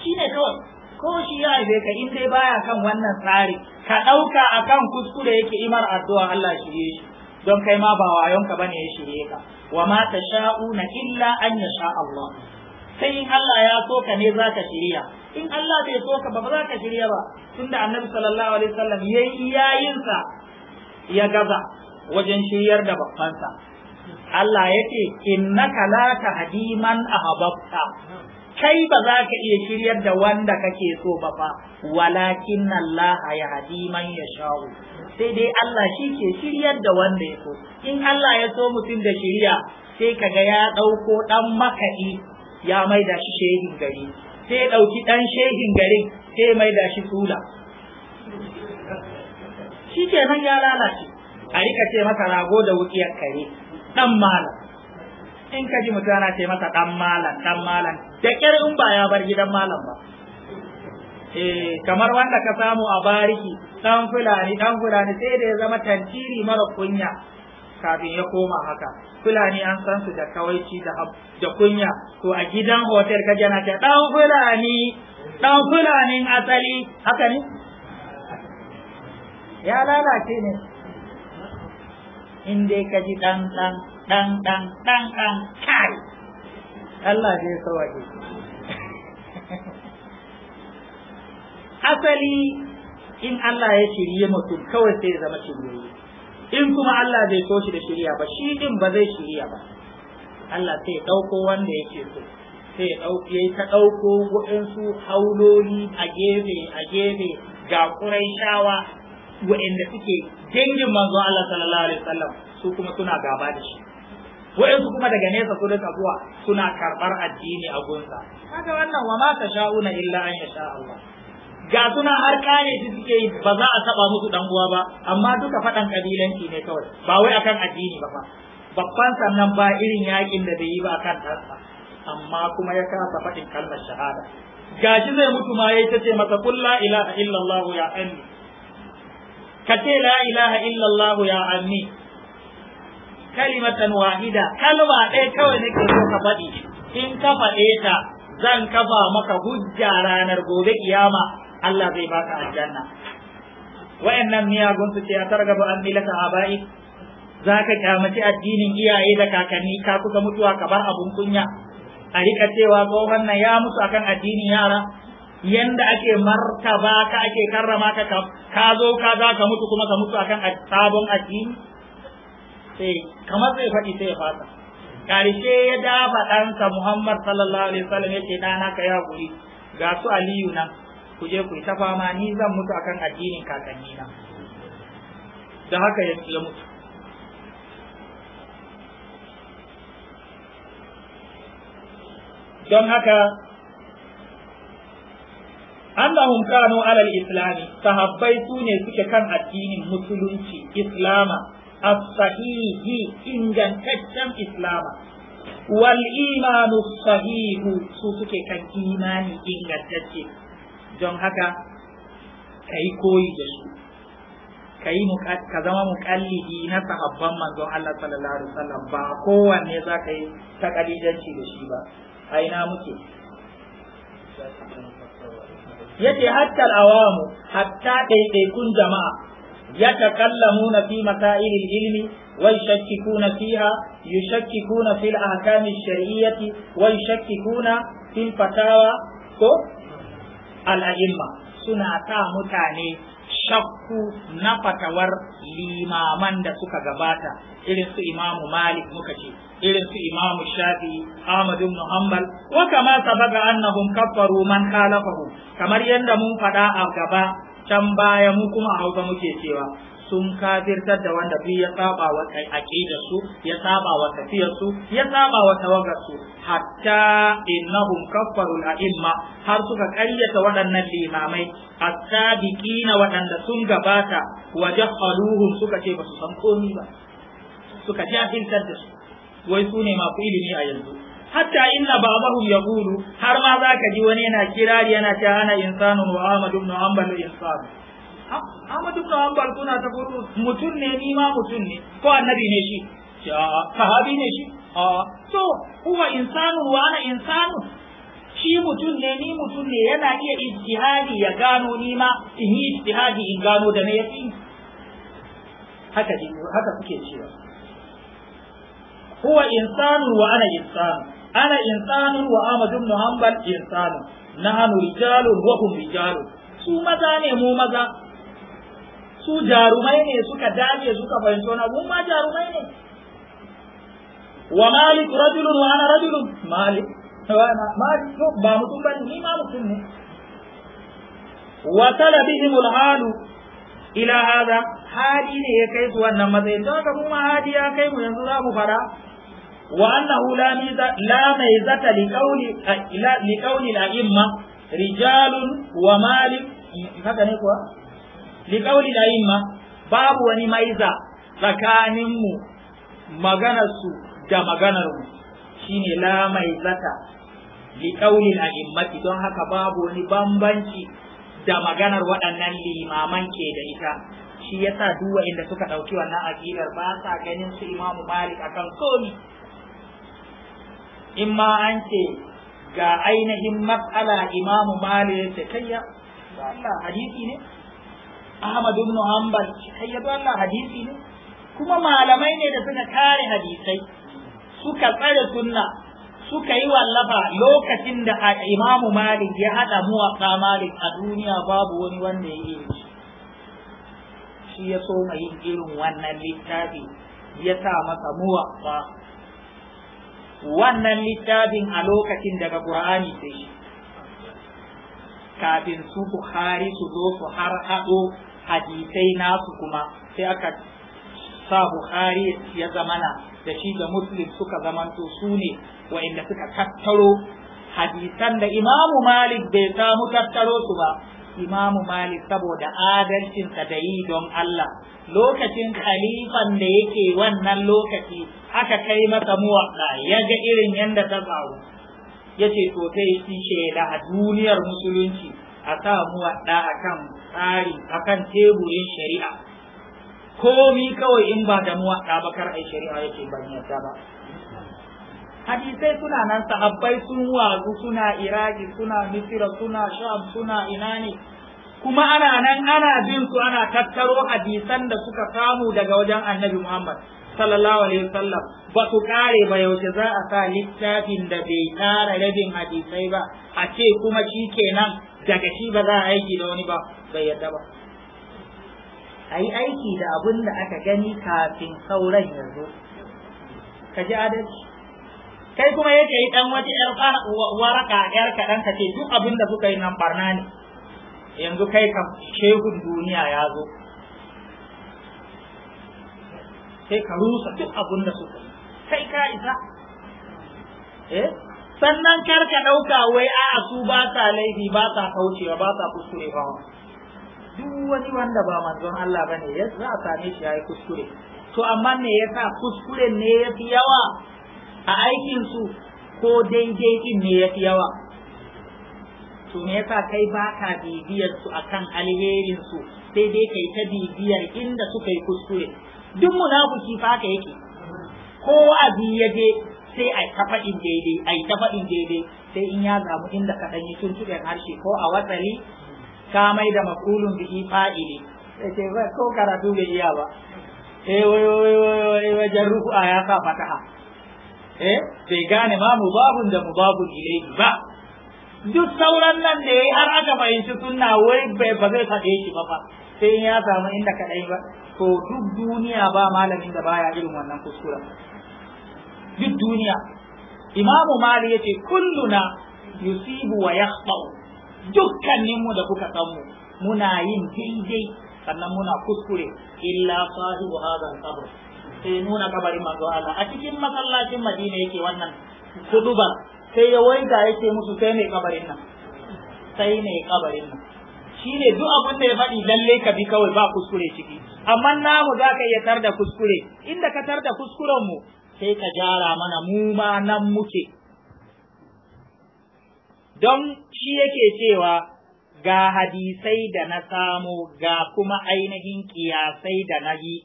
shine kawai ko shi ya aibe ka in dai baya kan wannan tsari ka dauka akan kuskure yake imar addu'a Allah shirye shi don kai ma ba wayonka bane ya shirye ka wa ma tasha'una illa an yasha Allah sai in Allah ya so ka ne zaka shirya in Allah bai so ka ba ba za ka shirya ba tunda annabi sallallahu alaihi wasallam yayi sa ya gaza wajen shiryar da babbansa Allah yake innaka la ta hadiman ahbabta kai ba za ka iya shiryar da wanda kake so ba fa walakin Allah ya hadiman ya sha'u sai dai Allah shi ke shiryar da wanda ya so in Allah ya so mutum da shirya sai kaga ya ɗauko ɗan makaɗi ya maida shi shehin gari sai ya ɗauki ɗan shehin garin sai ya maida shi tsula shi ke nan ya lalace a rika ce masa rago da wukiyar kare ɗan malam in ka ji mutum ana ce masa ɗan malam ɗan malam da ƙyar in ba ya bar gidan malam ba eh kamar wanda ka samu a bariki ɗan fulani ɗan fulani sai da ya zama tantiri mara kunya kafin ya koma haka fulani an san su da kawaici da kunya to a gidan hotel ka jana ta dan fulani dan fulanin asali haka ne ya lalace ne Inde ka ji dan dan dan dan dan dan kai Allah zai sauke asali in Allah ya shirye mutum kawai sai ya zama shirye in kuma Allah zai so da shirya ba shi din ba zai shirya ba Allah sai dauko wanda yake so sai ya dauke ta ɗauko waɗansu hauloli a gefe a gefe ga kurai shawa waɗanda suke dangin manzo Allah sallallahu alaihi wasallam su kuma suna gaba da shi waɗansu kuma daga nesa su da zuwa suna karɓar addini a gunsa kaga wannan wa ma ta sha'una illa an yasha Allah ga suna har kare su suke yi ba za a taba musu dan uwa ba amma duka faɗan kabilanci ne kawai ba wai akan addini ba fa babban sannan ba irin yakin da bai yi ba akan ɗansa amma kuma ya kasa faɗin kalmar shahada shi zai mutu ma yayi tace masa kul la ilaha illallah ya anni ka ce la ilaha illallah ya anni kalimatan wahida kalma ɗaya kawai nake so ka faɗi in ka faɗe ta zan kafa maka hujja ranar gobe kiyama Allah zai baka aljanna wa'annan miyagun su ce a targaba an milata abai za ka kyamaci addinin iyaye da kakanni ka kusa mutuwa ka bar abun kunya a rika cewa tsohon nan ya mutu akan addinin yara yanda ake martaba ka ake karrama ka ka zo ka za ka mutu kuma ka mutu akan sabon addini sai eh, kamar sai faɗi sai ya fasa karshe ya dafa ɗansa muhammad sallallahu alaihi wasallam yake ɗana ka ya guri ga su aliyu nan ku je ku ta fama ni zan mutu akan addinin kakanni na da haka ya mutu don haka annahum kanu alal islami sahabbai sune suke kan addinin musulunci islama as-sahihi ingantaccen islama wal imanu sahihu su suke kan imani ingantacce don haka ka yi koyi da su ka yi ka zama muƙallidi na sahabban manzon Allah sallallahu alaihi wasallam ba kowanne za ka yi ta kalidanci da shi ba a ina muke yace hatta awamu hatta daidaikun jama'a yatakallamuna fi masail ilmi ويشككون فيها يشككون في الأحكام الشرعية ويشككون في الفتاوى al'a'imma suna sa mutane shakku na fatawar limaman da suka gabata irin su imamu malik muka ce irin su imamu shafi Ahmadu ibn hanbal wa kama sabaga annahum kaffaru man khalafahu kamar yadda mun faɗa a gaba can baya mu kuma a hausa muke cewa sun kafirtar da wanda bi ya saba wa aqidarsu ya saba wa tafiyarsu ya saba wa tawagarsu hatta innahum kaffaru al-a'imma har suka ƙaryata waɗannan limamai as-sabiqina waɗanda sun gabata wa jahaluhum suka ce ba su san komai ba suka jahiltar da su wai su ne masu ilimi a yanzu hatta inna babahum yaqulu har ma zaka ji wani yana kirari yana cewa ana insanu wa Muhammadu ibn hanbal insanu Ahmadu an barko na ta fito mutum ne ni ma mutum ne ko annabi ne shi sahabi ne shi a so kuma insanu wa ana insanu shi mutum ne ni mutum ne yana iya ijtihadi ya gano ni ma in yi ijtihadi in gano da na yafi haka haka suke cewa huwa insanu wa ana insanu ana insanu wa amadu ibn Hanbal insanu nahnu rijalun wa hum rijalun su maza ne mu maza su jarumai ne suka dace suka fahimci wani abu ma jarumai ne wa malik rajulun wa ana rajulun malik malik ba mutum ba ni ma mutum ne wa talabihim alhalu ila hada hadi ne ya kai su wannan matsayin don ka mu hadi ya kai mu yanzu za mu fara wa annahu la miza la maizata li qawli li qawli al imma rijalun wa malik haka ne kuwa liƙauli da ma babu wani maiza tsakaninmu maganarsu da maganarmu shine la maizata liƙauli da don haka babu wani bambanci da maganar waɗannan limaman ke da ita shi yasa duwa inda suka ɗauki wannan aƙidar ba sa ganin su imamu malik akan komi in ma an ce ga ainihin matsala imamu malik ya ce kai ya Allah hadisi ne Ahmad ibn Hanbal kayyadu Allah hadisi ne kuma malamai ne da suka kare hadisai suka tsare sunna suka yi wallafa lokacin da Imam Malik ya hada a Malik a duniya babu wani wanda ya yi shi ya so mai irin wannan littafi ya sa masa muwaffa wannan littafin a lokacin daga Qur'ani sai kafin su Bukhari su zo su har haɗo hadisai nasu kuma sai aka sa Bukhari ya zamana da shi da Muslim suka zamanto su ne wa'inda suka tattaro hadisan da Imamu Malik bai samu tattaro su ba Imamu Malik saboda adalcinsa da yi don Allah lokacin khalifan da yake wannan lokaci aka kai masa muwaɗa ya ga irin yadda ta tsaro, ya ce to zai shi shaida a duniyar musulunci a sa waɗa a kan tsari a kan teburin shari'a komi kawai in ba da mu waɗa ba kar ai shari'a yake ban yadda ba hadisai suna nan sahabbai sun wazu suna iraki suna misira suna sham suna ina ne kuma ana nan ana bin su ana tattaro hadisan da suka samu daga wajen annabi muhammad sallallahu alaihi wasallam ba su kare ba yaushe za a sa littafin da bai tsara rabin hadisai ba a ce kuma shi kenan daga shi ba za a aiki da wani ba bai yarda ba a yi aiki da abin da aka gani kafin sauran yanzu ka ji adalci kai kuma yake yi dan wata yar waraka yar kaɗan ka ce duk abin da kuka yi nan barna ne yanzu kai kam shehun duniya ya zo sai ka rusa duk abin da suka yi kai ka isa eh sannan karka ka ɗauka wai a'a su ba sa laifi ba sa kaucewa ba sa kuskure ba duk wani wanda ba manzon Allah bane ya za a same shi yayi kuskure to amma me yasa kuskure ne yafi yawa a aikin ko daidai din ne yafi yawa to me yasa kai baka bibiyar su akan alherin su sai dai kai ta bibiyar inda suka yi kuskure duk munafiki fa ka yake ko abi yaje sai a ta faɗin daidai a ta faɗin daidai sai in ya zamu inda ka ɗanyi tuntuɓen harshe ko a watsali ka mai da makulun bihi fa'ili sai ko karatu bai iya ba eh wai wai wai wajen rufu'a ya sa fataha eh bai gane ma mu mubabun da mubabun ilaihi ba duk sauran nan da yayi har aka fahimci sunna wai ba zai faɗe shi ba fa sai in ya samu inda kaɗai ba to duk duniya ba malamin da baya irin wannan kuskuren duk duniya imamu mali ya ce kulluna yusibu wa yakhba'u dukkaninmu da kuka san mu muna yin daidai sannan muna kuskure illa sahibu hadal qabr sai nuna kabari mazo Allah a cikin masallacin Madina yake wannan kuduba sai ya waiga yake musu sai ne kabarin nan sai ne kabarin nan shine duk abin da ya faɗi lalle ka bi kawai ba kuskure ciki amma namu za ka iya tar da kuskure inda ka tar da kuskuren mu sai ka gyara mana mu ma nan muke don shi yake cewa ga hadisai da na samu ga kuma ainihin kiyasai da na yi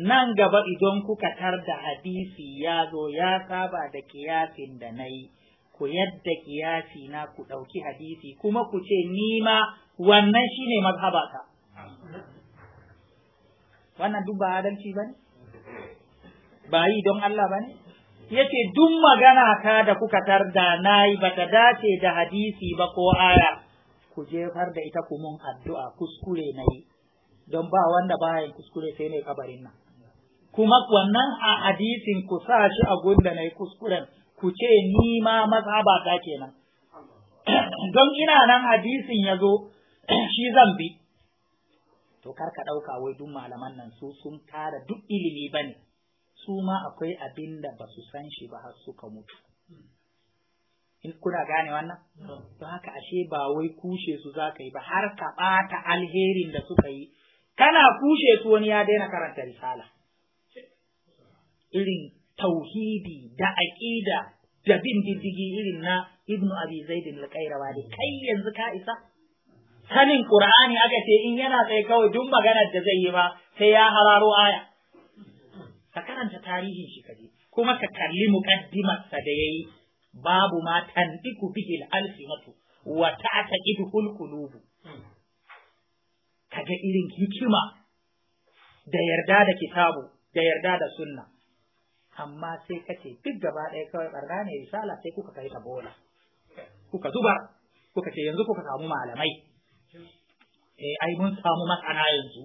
nan gaba idan kuka tar da hadisi ya zo ya saba da kiyasin da na yi ku yadda kiyasi na ku ɗauki hadisi kuma ku ce nima ma wannan shine mazhabata wannan duk ba adalci ba ne ba yi don Allah ba ne ce duk magana ka da kuka tarda ba ta dace da hadisi ba ko aya ku jefar da ita ku mun addu'a kuskure na yi don ba wanda bayan kuskure sai ne kabarin nan kuma wannan a hadisin ku sa shi a gunda nayi kuskuren ku ce ni ma ba ta kenan don ina nan hadisin ya zo shi zan bi to kar ka ɗauka wai duk malaman nan su sun tara duk ilimi ba ne su ma akwai abin da ba su san shi ba har suka mutu in kuna gane wannan to haka ashe ba wai kushe su za ka yi ba har ka ɓata alherin da suka yi kana kushe su wani ya daina karanta risala irin tauhidi da aƙida da bin diddigi irin na ibnu abi zaidin al da kai yanzu ka isa sanin ƙur'ani aka ce in yana sai kawai duk maganar da zai yi ba sai ya hararo aya ka karanta tarihin shi kaje kuma ka kalli sa da yayi babu ma tantiku bihi alfi matu wa ta'taqidu al-qulubu kaga irin hikima da yarda da kitabu da yarda da sunna amma sai kace duk gaba ɗaya kawai barna ne risala sai kuka kai ta bola kuka zuba kuka ce yanzu kuka samu malamai eh ai mun samu masana yanzu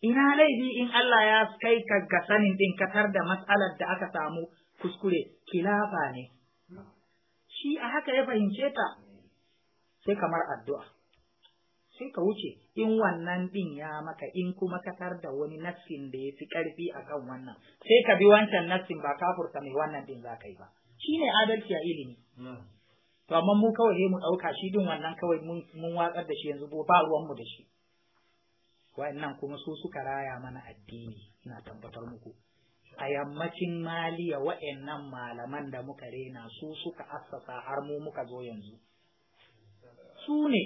ina laifi in Allah ya kai ka ga sanin din katar da matsalar da aka samu kuskure kilafa ne shi a haka ya fahimce ta sai kamar addu'a sai ka wuce in wannan din ya maka in kuma katar da wani nassin da ya fi ƙarfi a kan wannan sai ka bi wancan nassin ba kafurta mai wannan din za ka yi ba shi ne adalci a ilimi hmm. to amma mu kawai mu ɗauka shi din wannan kawai mun watsar da shi yanzu ba ruwanmu da shi wa'annan kuma su suka raya mana addini ina tabbatar muku a yammacin maliya wa'annan malaman da muka rena su suka assasa har mu muka zo yanzu su ne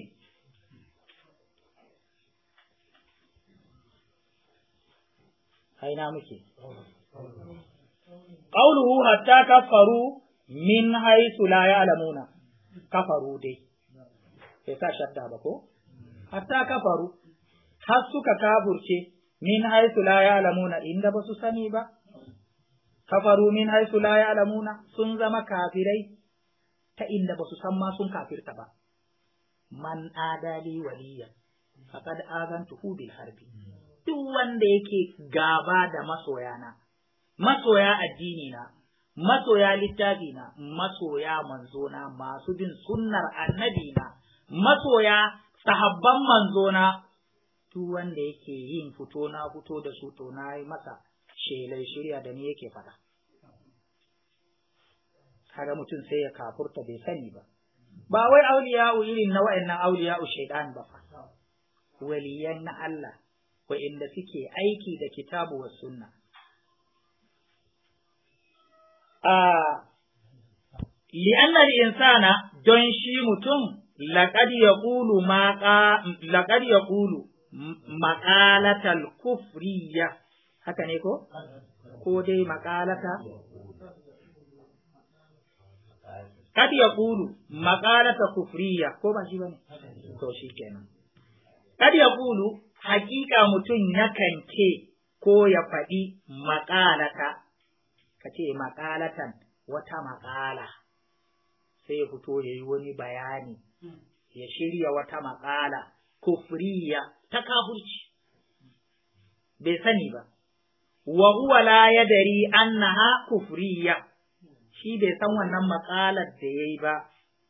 aina muke qauluhu hatta kafaru min haythu la ya'lamuna kafaru dai sai sa shadda ba ko hatta kafaru har suka kafurce min haisu la ya'lamuna inda ba su sani ba kafaru min haisu la ya'lamuna sun zama kafirai ta inda ba su san ma sun kafirta ba man adali waliya faqad hu bil harbi duk wanda yake gaba da masoyana masoya addini na masoya littafi na masoya manzona masu bin sunnar annabi na masoya sahabban manzona duk wanda yake yin fito na fito da su to na yi masa shelai shirya da ni yake faɗa kaga mutum sai ya kafurta bai sani ba ba wai auliya'u irin na wa'annan auliya'u shaidan ba fa waliyan na Allah wa'inda suke aiki da kitabu wa sunna a li'anna insana don shi mutum laqad yaqulu ma laqad maƙalatal kufriya haka ne ko? ko dai maƙalata? Kad ya kulu maƙalata kufriya ko ba shi ba ne? To shi kenan. Kad ya kulu hakika mutum yakan kanke ko ya faɗi maƙalata, ka ce maƙalatan wata maƙala sai ya fito ya yi wani bayani, hmm. ya shirya wata maƙala kufriya ta kafurci bai sani ba wa huwa la yadri annaha kufriya shi bai san wannan makalar da yayi ba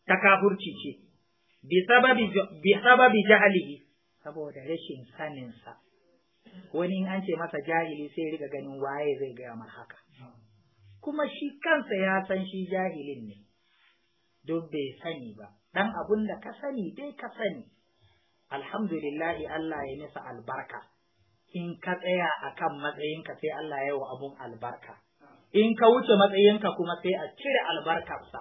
ta kafurci ce bi sababi bi sababi saboda rashin sanin sa wani an ce masa jahili sai riga ganin waye zai gaya mar haka kuma shi kansa ya san shi jahilin ne duk bai sani ba dan abun da ka sani dai ka sani alhamdulillahi Allah ya nisa albarka in ka tsaya akan matsayinka sai Allah ya wa abun albarka in ka wuce matsayinka kuma sai a cire albarkarsa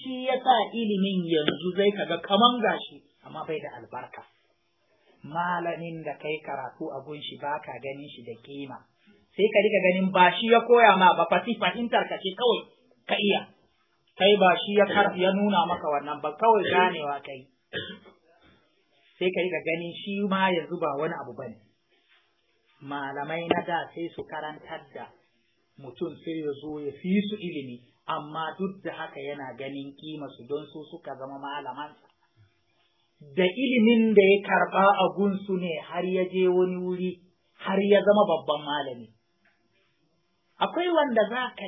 shi yasa ilimin yanzu zai kaga kaman gashi amma bai da albarka malamin da kai karatu a gunshi baka ganin shi da kima sai ka rika ganin ba shi ya koya ma ba fati fahimtar ka ce kawai ka iya kai ba shi ya ya nuna maka wannan ba kawai ganewa kai sai ka riƙa ganin shi ma ya zuba wani abu bane malamai na da sai su karantar da mutum sai ya zo ya fi su ilimi amma duk da haka yana ganin kima su don su suka zama malamansa da ilimin da ya karɓa a gunsu ne har ya je wani wuri har ya zama babban malami akwai wanda za ka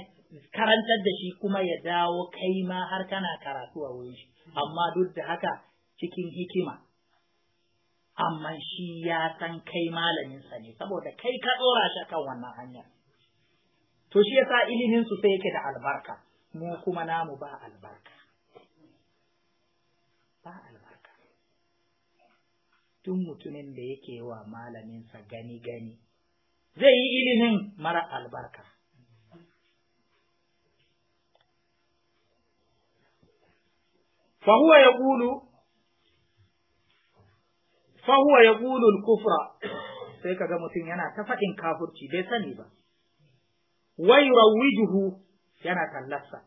karantar da shi kuma ya dawo kai ma har kana karatu a wurin shi amma duk da haka cikin hikima amma shi ya san kai malaminsa ne saboda kai ka tsora shi kan wannan hanyar to shi yasa ilimin su sai yake da albarka mu kuma namu ba albarka ba albarka tun mutumin da yake wa malaminsa gani gani zai yi ilimin mara albarka فهو huwa fa huwa yaqulu al-kufra sai kaga mutum yana ta faɗin kafurci bai sani ba wai rawijuhu yana tallarsa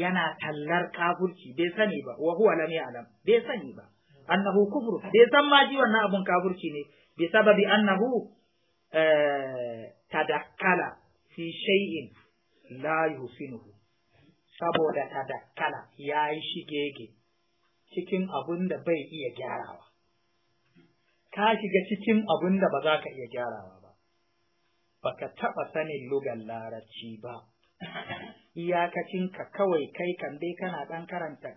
yana tallar kafurci bai sani ba wa huwa lam ya'lam bai sani ba annahu kufru bai san ma ji wannan abun kafurci ne bi sababi annahu eh, tadakkala fi shay'in la yusinuhu saboda tadakkala yayi shigege cikin abin da bai iya gyarawa ka shiga cikin abun da ba za ka iya gyarawa ba Ba ka taɓa sanin lugar larabci ba iyakacinka kawai kai kan dai kana ɗan karanta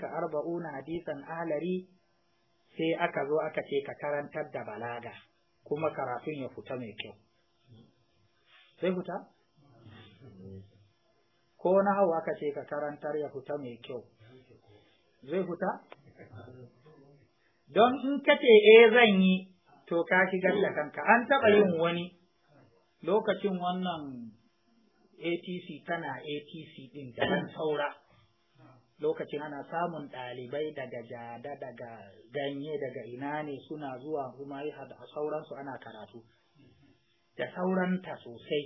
ka arba'u na hadisan alari sai aka zo aka ce ka karantar da balaga kuma karatun ya fita mai kyau sai fita ko na hau aka ce ka karantar ya fita mai kyau zai huta don in ka ce e zan yi to ka shigar da kanka an taɓa yin wani lokacin wannan ATC tana ATC ɗin da ɗan saura lokacin ana samun ɗalibai daga jada daga ganye daga ina ne suna zuwa kuma yi da sauransu ana karatu da sauranta sosai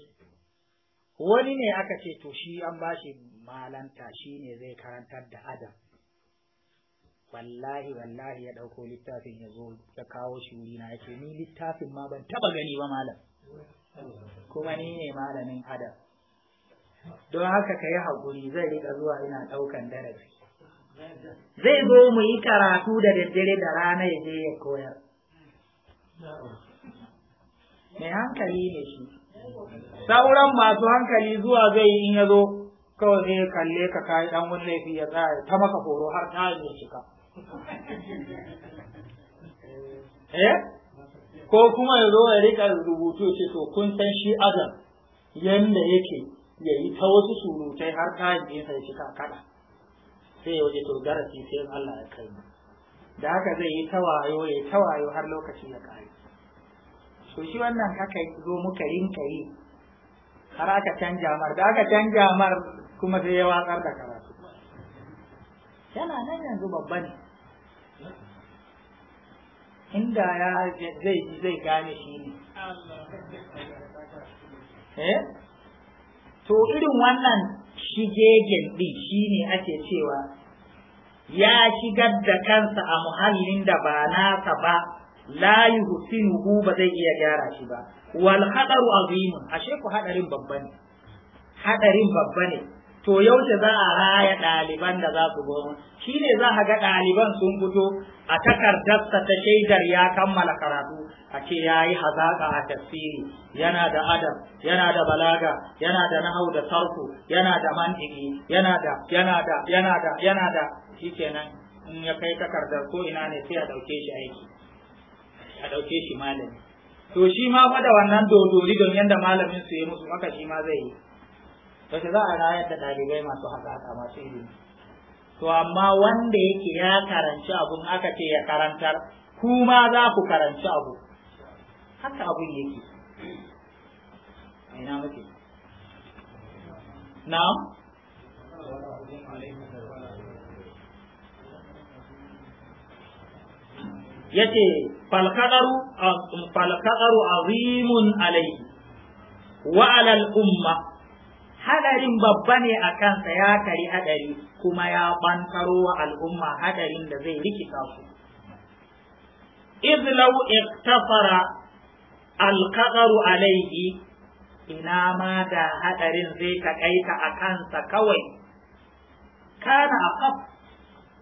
wani ne aka ce to shi an bashi malanta shi ne zai karantar da adam wallahi wallahi ya ɗauko littafin ya zo ya kawo shi wurina ya ce ni littafin ma ban taba gani ba malam kuma ni ne malamin adam don haka ka yi haƙuri zai riƙa zuwa ina ɗaukan darasi zai zo mu yi karatu da daddare da rana ya je ya koyar mai hankali ne shi sauran masu hankali zuwa zai yi in ya zo kawai zai kalle ka kayi dan wani laifi ya tsaya ta maka horo har ta yi ya cika eh ko kuma ya zo ya rika rubutu ce to kun san shi adam yanda yake ya yi ta wasu surutai har kayan da ya cika kada sai ya waje to garasi sai Allah ya kai mu da haka zai yi tawayo ya tawayo har lokacin ya kai to shi wannan haka zo muka rinka yi har aka canja mar da aka canja mar kuma sai ya watsar da ka yana nan yanzu babba ne inda ya zai zai gane shi ne eh to irin wannan shigegen din shine ake cewa ya shigar da kansa a muhallin da ba nasa ba layi yuhsinuhu ba zai iya gyara shi ba wal hadaru azim ashe ku hadarin babba ne hadarin babba ne to yaushe za a raya ɗaliban da za su goma shi ne za a ga ɗaliban sun fito a takardarsa ta shaidar ya kammala karatu a ce ya yi hazaƙa a tafsiri yana da adam yana da balaga yana da nahau da sarku yana da mantiki yana da yana da yana da yana da shi kenan in ya kai takardar ko ina ne sai a ɗauke shi aiki a ɗauke shi malami to shi ma fa da wannan dodori don yadda malamin su ya musu maka shi ma zai yi shi za a rayar da ɗalibai masu hazaƙa masu ilimi to amma wanda yake ya karanci abun aka ce ya karantar kuma za ku karanci abu haka abun yake ina muke Na? yace falqadaru falqadaru azimun alayhi wa ala al umma hadarin babba ne a kansa ya kari hadari kuma ya bantaro wa al'umma hadarin da zai rikita su izlau iktafara alkadaru alaihi ina ma da hadarin zai takaita a kansa kawai kana a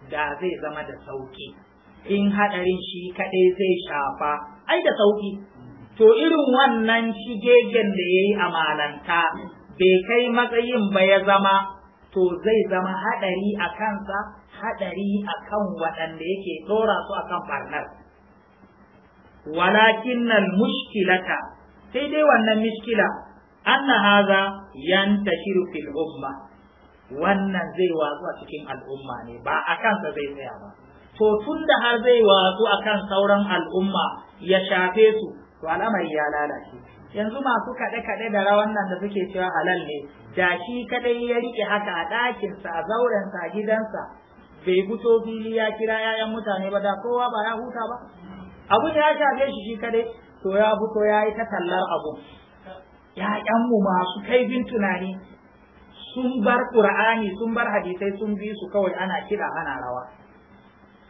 da zai zama da sauƙi. in hadarin shi kaɗai zai shafa ai da sauki to irin wannan shigegen da ya yi a malanta bai kai matsayin ba ya zama to zai zama haɗari a kansa haɗari a kan waɗanda yake ɗora su a kan ɓarnar walakin nan mushkilata sai dai wannan an na haza yanta fil umma wannan zai watsu a cikin al'umma ne ba a kansa zai tsaya ba to tun da har zai watsu a kan sauran al'umma ya shafe su to al'amari ya lalace yanzu masu kaɗe-kaɗe da rawan nan da suke cewa halal ne da shi kadai ya rike haka a ɗakinsa a zaurensa a gidansa bai fito fili ya kira 'ya'yan mutane ba da kowa ba ya huta ba abu ya shafe shi shi kadai to ya fito ya yi ta tallar abu ‘ya'yanmu masu kaifin tunani sun bar ƙur'ani sun bar hadisai sun bi su kawai ana kiɗa ana rawa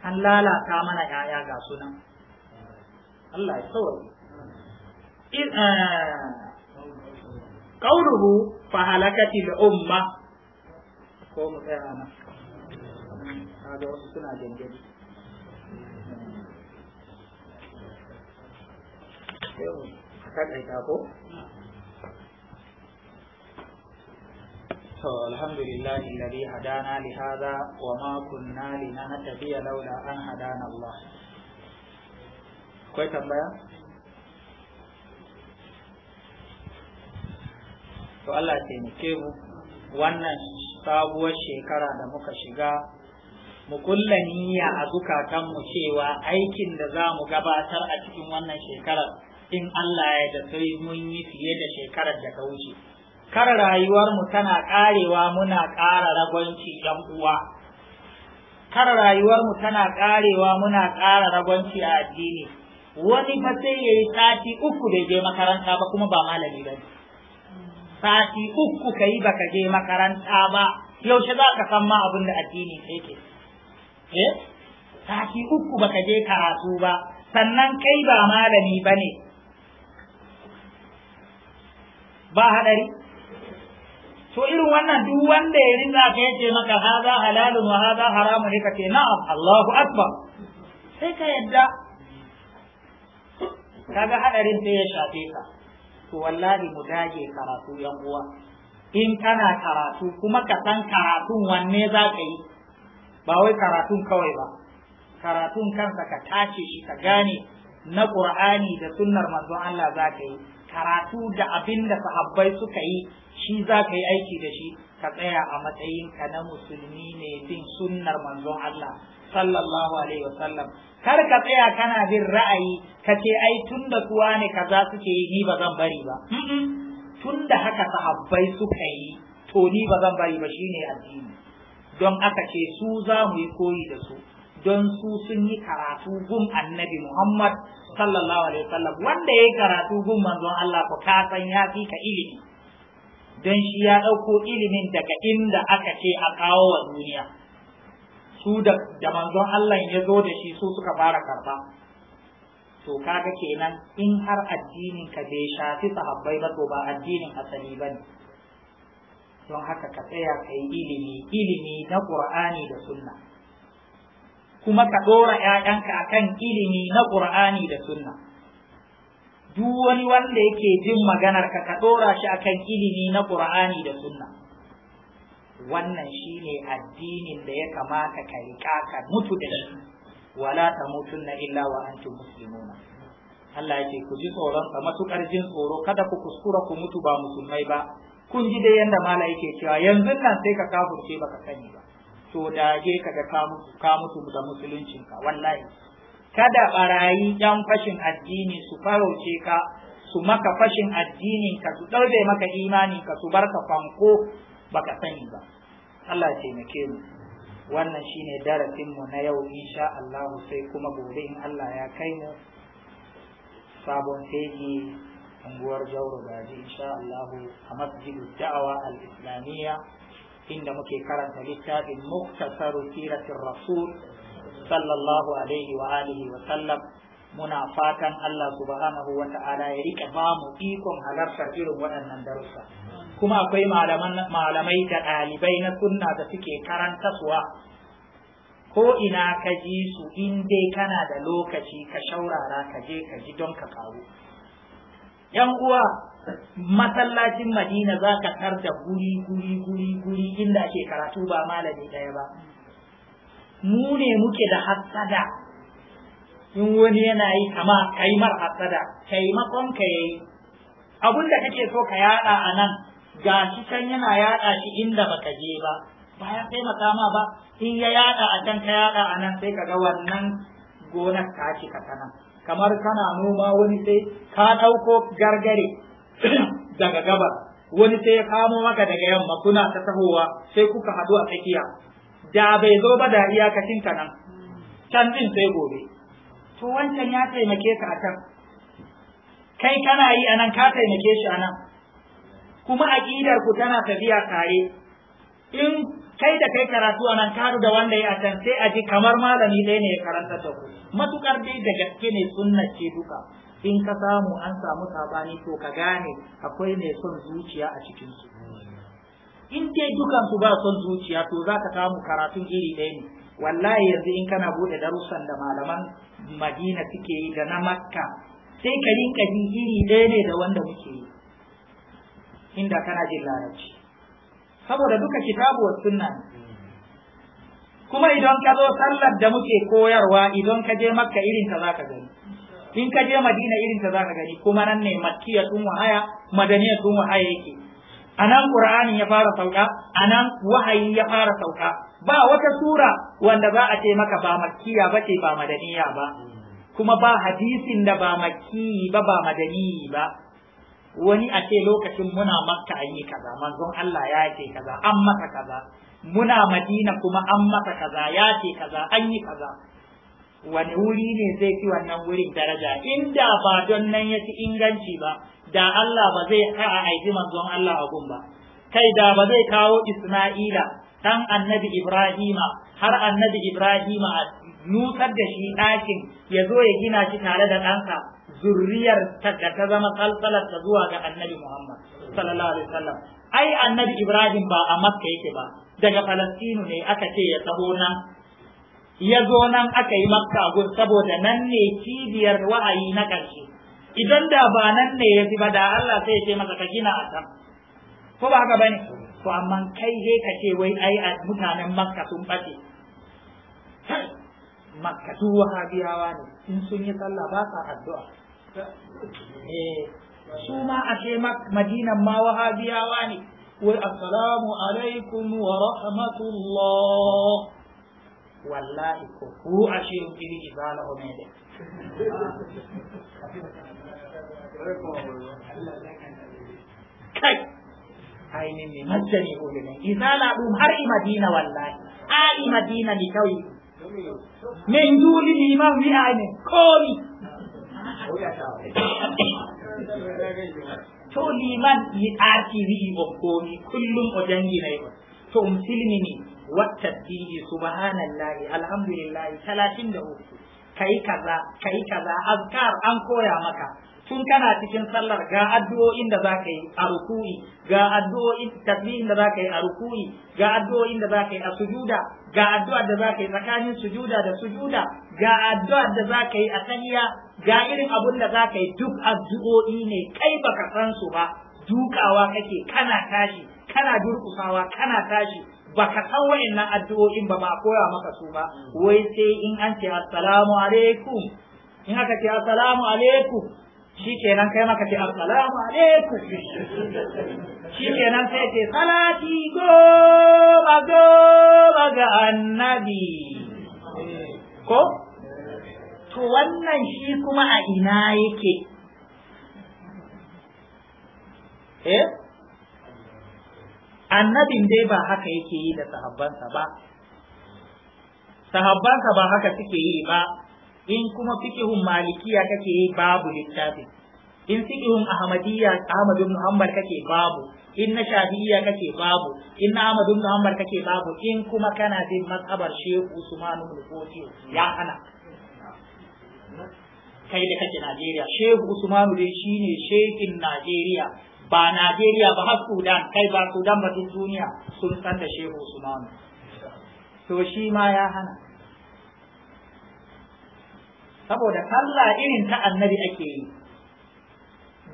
an lalata mana ‘ya'ya ga sunan Allah ya saurari ƙauruhu fahalakati da umma ko mu tsaya rana kaga wa makon na lina na laula an hadana Allah. Kwai tambaya? to Allah taimake mu wannan sabuwar shekara da muka shiga mu kulla niyya a mu cewa aikin da za mu gabatar a cikin wannan shekarar in Allah ya da sai mun yi fiye da shekarar da ta wuce kar rayuwarmu tana karewa muna ƙara ragwanci yan uwa kar rayuwarmu tana karewa muna ƙara ragwanci a addini wani ba sai yayi sati uku bai je makaranta ba kuma ba malami ba sati uku ka yi baka je makaranta ba yaushe za ka san ma abin da addini sai ke eh sati uku baka je karatu ba sannan kai ba malami ba ne ba hadari to irin wannan duk wanda ya rinza ka yace maka haza halalun wa haza haramun ne ka ce na'am Allahu akbar sai ka yadda kaga hadarin sai ya shafe ka to wallahi mu dage karatu yan uwa in kana karatu kuma ka san karatun wanne za ka yi ba wai karatun kawai ba karatun kansa ka tace shi ka gane na qur'ani da sunnar manzon Allah za ka yi karatu da abin da sahabbai suka yi shi za ka yi aiki da shi ka tsaya a matsayin ka na musulmi ne bin sunnar manzon Allah sallallahu alaihi wasallam kar ka tsaya kana bin ra'ayi ka ce ai tunda kuwa ne kaza suke yi ni ba zan bari ba tunda haka sahabbai suka yi to ni ba zan bari ba shine addini don aka ce su za mu yi koyi da su don su sun yi karatu gun annabi Muhammad sallallahu alaihi wasallam wanda ya karatu gun manzon Allah ko ka san ya fi ka ilimi don shi ya ɗauko ilimin daga inda aka ce a kawo wa duniya su da manzon Allah ya zo da shi su suka fara karba to kaga kenan in har addinin ka bai shafi sahabbai ba to ba addinin asali bane don haka ka tsaya ka yi ilimi ilimi na qur'ani da sunna kuma ka dora ƴaƴanka akan ilimi na qur'ani da sunna duk wani wanda yake jin maganar ka ka dora shi akan ilimi na qur'ani da sunna wannan shine addinin da ya kamata ka riƙa ka mutu da shi wala ta na illa wa antum muslimuna Allah ya ce ku ji tsoron sa matukar jin tsoro kada ku kuskura ku mutu ba musulmai ba kun ji dai yanda mala yake cewa yanzu nan sai ka kafurce baka sani ba to da ke ka ga ka mutu da musuluncin ka wallahi kada barayi yan fashin addini su farauce ka su maka fashin addinin ka su ɗaube maka imanin ka su barka fanko baka sani ba Allah ya taimake mu wannan shine darasin mu na yau insha Allah sai kuma gobe in Allah ya kai mu sabon feji unguwar Jauro Gaji insha Allah a masjidu da'awa al-islamiyya inda muke karanta littafin muktasaru siratin rasul sallallahu alaihi wa alihi wa sallam muna fatan Allah subhanahu wa ta'ala ya rike bamu ikon halartar irin waɗannan darussa kuma akwai malamai da ɗalibai na sunna da suke karantaswa ko ina ka ji su in dai kana da lokaci ka shaurara ka je ka ji don ka karu yan uwa masallacin madina za ka tar da guri guri guri guri inda ake karatu ba malami ɗaya ba mu ne muke da hassada in wani yana yi kama kaimar hassada Kaimakon ka yayi abun kake so ka yada a nan ga shi can yana yaɗa shi inda baka je ba ba ya kai makama ba in ya yaɗa a can ka yaɗa a nan sai ka ga wannan gonar ta ci ka kana kamar kana noma wani sai ka ɗauko gargare daga gabar wani sai ya kamo maka daga yamma kuna ta tahowa sai kuka haɗu a tsakiya da bai zo ba da iyakacin ka nan can din sai gobe to wancan ya taimake ka a can kai kana yi a nan ka taimake shi a nan kuma aƙidar ku tana tafiya tare in kai da kai karatu a nan karu da wanda ya can sai a ji kamar malami ɗaya ne ya karanta ta ku matukar dai da gaske ne sunna ce duka in ka samu an samu sabani to ka gane akwai mai son zuciya a cikin su in dai dukan su ba son zuciya to za ka samu karatun iri ɗaya ne wallahi yanzu in kana bude darussan da malaman Madina suke yi da na Makka sai ka rinka ji iri ɗaya ne da wanda muke yi inda kana jin larabci saboda duka kitabu wa sunna kuma idan ka zo sallar da muke koyarwa idan ka je makka irin ta zaka gani in ka je madina irin ta zaka gani kuma nan ne makkiya tun wahaya madaniya tun wahaya yake anan qur'ani ya fara sauka anan wahayi ya fara sauka ba wata sura wanda za a ce maka ba makkiya ba ce ba madaniya ba kuma ba hadisin da ba makki ba ba madani ba wani a ce lokacin muna makka an yi kaza manzon Allah ya ce kaza an masa kaza muna madina kuma an maka kaza ya ce kaza an yi kaza wani wuri ne zai fi wannan wurin daraja inda ba don nan ya ci inganci ba da Allah ba zai ka'a aiki manzon Allah a gun ba kai da ba zai kawo Isma'ila dan annabi Ibrahima har annabi Ibrahima a nutsar da shi ɗakin ya zo ya gina shi tare da ɗansa zurriyar ta ta zama salsalar ta zuwa ga annabi Muhammad sallallahu alaihi wasallam ai annabi Ibrahim ba a Makka yake ba daga Falastinu ne aka ce ya taho nan ya zo nan aka yi Makka gun saboda nan ne cibiyar wahayi na ƙarshe idan da ba nan ne ya ba da Allah sai ya ce masa ka gina a can ko ba haka bane to amma kai sai ka ce wai ai mutanen Makka sun bace Makka su wahabiyawa ne sun yi sallah ba sa addu'a Eh, su ma ashe madinan ma wahabiyawa ne wai assalamu alaikum wa rahmatullah wallahi ko ku ashe kiri izala omede kai ainihin ne majjani ulunan izala ɗum har i madina wallahi a i madina ni kawai min juli liman wi'a ne komi to liman yi atiri o komi kullum o jangi na ko to musulmi ne wata bihi subhanallahi alhamdulillah, talatin da uku kai kaza kai kaza azkar an koya maka tun kana cikin sallar ga addu'o'in da za yi a ruku'i ga addu'o'in tasbihin da za ka yi a ruku'i ga addu'o'in da za yi a sujuda ga addu'ar da za yi tsakanin sujuda da sujuda ga addu'ar da za yi a tahiya ga irin abun da za ka yi duk addu'o'i ne kai baka san su ba dukawa kake kana tashi kana durkusawa kana tashi baka san wayannan addu'o'in ba ma koya maka su ba wai sai in an ce assalamu alaikum in aka ce assalamu alaikum shikenan kai maka ce assalamu alaikum shikenan sai ce salati go ba ga annabi ko to wannan shi kuma a ina yake eh annabin dai ba haka yake yi da sahabbansa ba sahabbansa ba haka suke yi ba in kuma fikihun malikiya kake yi babu littafin in fikihun ahmadiyya ahmadu Muhammad kake babu in na shafiyya kake babu in na ahmadu muhammad kake babu in kuma kana bin mazhabar shehu usman ibn ya ana kai da kake Najeriya Shehu Usmanu dai shine shekin Najeriya ba Najeriya ba har Sudan kai ba Sudan ba duniya sun san da Shehu Usmanu to shi ma ya hana saboda kalla irin ta annabi ake yi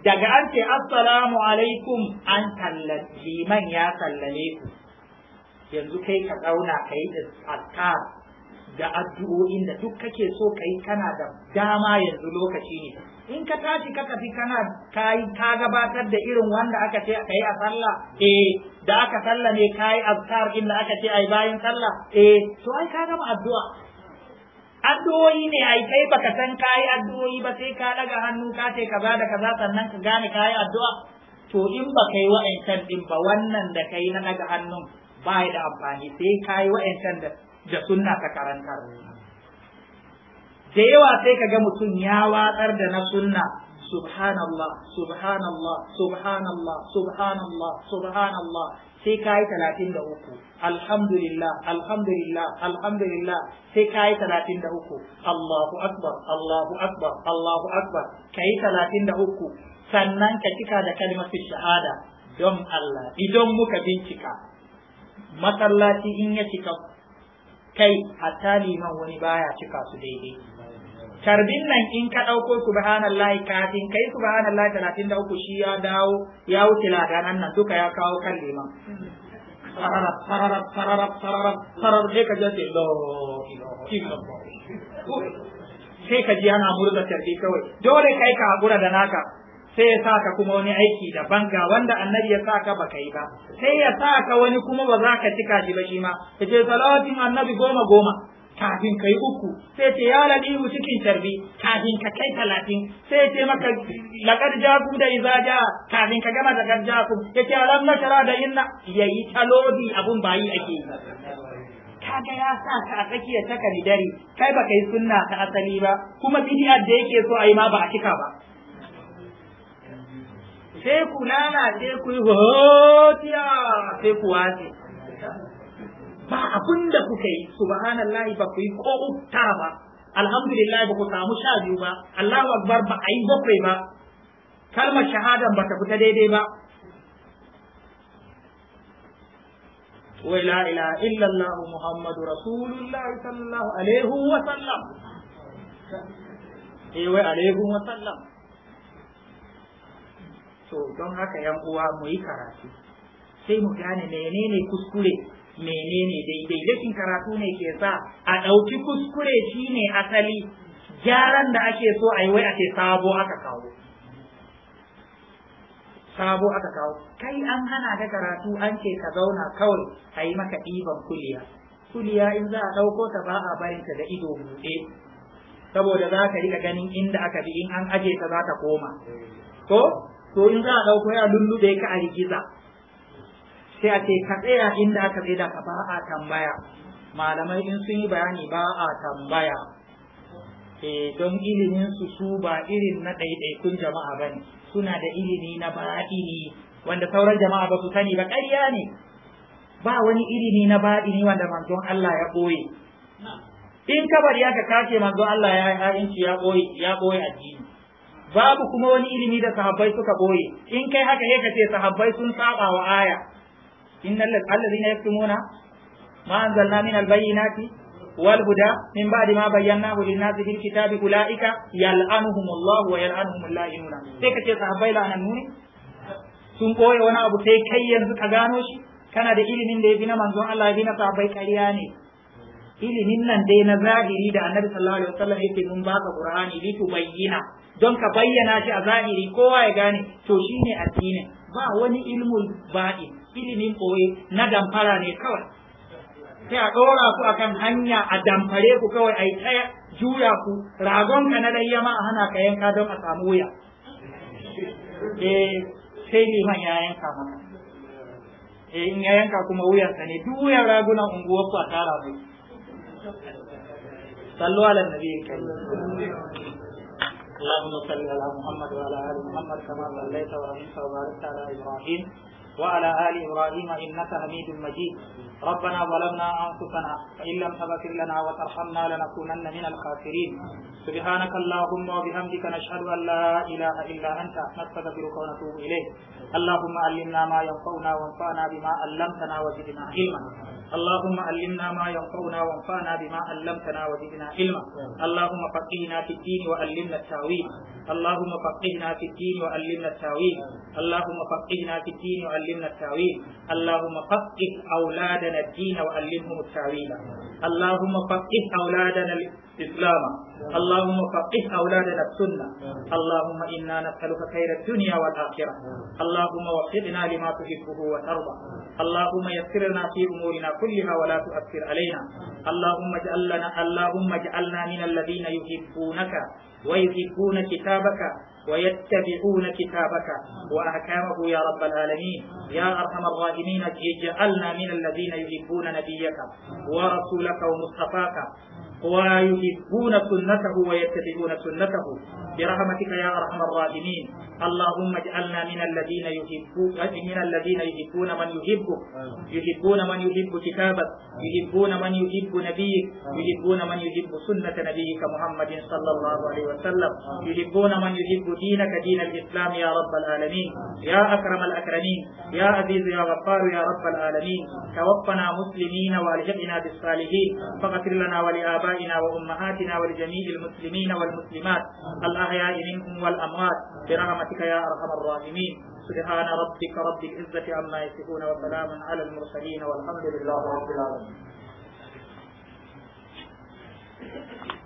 daga an ce assalamu alaikum an kallaci man ya sallame ku yanzu kai ka zauna ka da da addu'o'in da duk kake so ka kana da dama yanzu lokaci ne in ka tashi ka tafi kana ka ka gabatar da irin wanda aka ce ka yi a sallah eh da aka sallah ne ka yi azkar inda aka ce ai bayan sallah eh to ai ka gama addu'a addu'o'i ne ai kai baka san ka yi addu'o'i ba sai ka daga hannu ka ce kaza da kaza sannan ka gane ka yi addu'a to in ba kai wa'ancan din ba wannan da kai na daga hannun ba da amfani sai ka yi wa'ancan da da sunna ta karantar da yawa sai ka ga mutum ya watsar da na sunna subhanallah subhanallah subhanallah subhanallah subhanallah sai ka yi talatin da uku alhamdulillah alhamdulillah alhamdulillah sai ka yi talatin da uku allahu akbar allahu akbar allahu akbar ka yi talatin da uku sannan ka cika da kalmar shahada don Allah idan muka bincika masallaci in ya cika kai hatta liman wani baya cika su daidai tarbin nan in ka ɗauko subhanallah kafin kai subhanallah, talatin da uku shi ya dawo ya wuce ladanan nan duka ya kawo kan liman sararab sararab sararab sararab sararab sai ka je ce lo sai ka ji ana murza tarbi kawai dole kai ka haƙura da naka sai ya ka kuma wani aiki daban ga wanda annabi ya saka baka yi ba sai ya ka wani kuma ba za ka cika shi ba shi ma yace salawatin annabi goma goma kafin ka yi uku sai ce ya lalihu cikin tarbi kafin ka kai talatin sai ce maka lakar jaku da iza ja kafin ka gama lakar jaku ya ce alam na shara da inna ya yi talodi abun bayi ake yi kaga ya sa ka a tsakiyar ta dare kai baka yi sunna ta asali ba kuma bidiyar da yake so a yi ma ba a cika ba sai ku lalace ku yi hotiya sai ku wace ba abin da kuka yi subhanallahi ba ku yi ko ta ba alhamdulillah ba ku samu sha biyu ba Allahu akbar ba a yi bakwai ba kalmar shahadan ba ta fita daidai ba wai la ilaha illallah muhammadu rasulullah sallallahu alaihi wa sallam eh wai alaihi wa sallam so don haka yan uwa mu yi karatu sai mu gane menene kuskure menene daidai rashin karatu ne ke sa a ɗauki kuskure shine asali gyaran da ake so a yi wai ake sabo aka kawo sabo aka kawo kai an hana da karatu an ce ka zauna kawai a yi maka ɗiban kuliya kuliya in za a ɗauko ta ba a barinta da ido buɗe saboda za ka riƙa ganin inda aka bi in an aje ta za ta koma ko to in za a ɗauko ya lullube ka a rigiza sai a ce ka tsaya inda aka tsaye da ka ba a tambaya malamai in sun yi bayani ba a tambaya e don ilimin su su ba irin na ɗaiɗaikun jama'a ba ne suna da ilimi na baɗini wanda sauran jama'a ba su sani ba ƙarya ne ba wani ilimi na baɗini wanda manzon Allah ya ɓoye in kabar ya ka kace manzon Allah ya yi ya ɓoye ya ɓoye addini babu kuma wani ilimi da sahabbai suka boye in kai haka ya kace sahabbai sun saba wa aya innal ladzina yaktumuna ma anzalna min albayyinati wal huda min ba'di ma bayyanahu lin nasi fil kitabi ulaika yal'anuhum Allah wa yal'anuhum lainun sai kace sahabbai nan ne sun boye wani abu sai kai yanzu ka gano shi kana da ilimin da ya fi na manzon Allah ya fi na sahabbai kariya ne ilimin nan dai na zahiri da annabi sallallahu alaihi wasallam yake mun baka qur'ani li bayyina. don ka bayyana shi a zahiri kowa ya gane to shine addini ba wani ilmul baɗi ilimin koye na damfara ne kawai sai a ɗora ku akan hanya a damfare ku kawai a yi taya juya ku ragon ka na layya ma a hana ka yanka don a samu wuya eh sai liman ya yanka ma eh in ya yanka kuma ka ne duk wuyan ragunan unguwar ku a tara mai sallu ala nabiyyin kai اللهم صل على محمد وعلى ال محمد كما صليت ورحمت وباركت على ابراهيم وعلى ال ابراهيم انك حميد مجيد ربنا ظلمنا انفسنا فان لم تغفر لنا وترحمنا لنكونن من الخاسرين سبحانك اللهم وبحمدك نشهد ان لا اله الا انت نستغفرك ونتوب اليك اللهم علمنا ما ينفعنا وانفعنا بما علمتنا وزدنا علما اللهم علمنا ما ينفعنا وانفعنا بما علمتنا وزدنا علما اللهم فقهنا في الدين وعلمنا التاويل اللهم فقهنا في الدين وعلمنا التاويل اللهم فقهنا في الدين وعلمنا التاويل اللهم فقه اولادنا الدين وعلمهم التاويل اللهم فقه اولادنا إسلاما اللهم فقه أولادنا السنة اللهم إنا نسألك خير الدنيا والآخرة اللهم وفقنا لما تحبه وترضى اللهم يسرنا في أمورنا كلها ولا تؤثر علينا اللهم اجعلنا اللهم اجعلنا من الذين يحبونك ويحبون كتابك ويتبعون كتابك وأحكامه يا رب العالمين يا أرحم الراحمين اجعلنا من الذين يحبون نبيك ورسولك ومصطفاك ويحبون سنته ويتبعون سنته برحمتك يا ارحم الراحمين اللهم اجعلنا من الذين يحبون من الذين يحبون من يحبك يحبون من يحب كتابك يحبون من يحب نبيك يحبون من يحب سنة نبيك محمد صلى الله عليه وسلم يحبون من يحب دينك دين الاسلام يا رب العالمين يا اكرم الاكرمين يا عزيز يا غفار يا رب العالمين توفنا مسلمين والحقنا بالصالحين فاغفر لنا ولآبائنا آبائنا وأمهاتنا ولجميع المسلمين والمسلمات الأحياء منهم والأموات برحمتك يا أرحم الراحمين سبحان ربك رب العزة عما يصفون وسلام على المرسلين والحمد لله رب العالمين Thank you.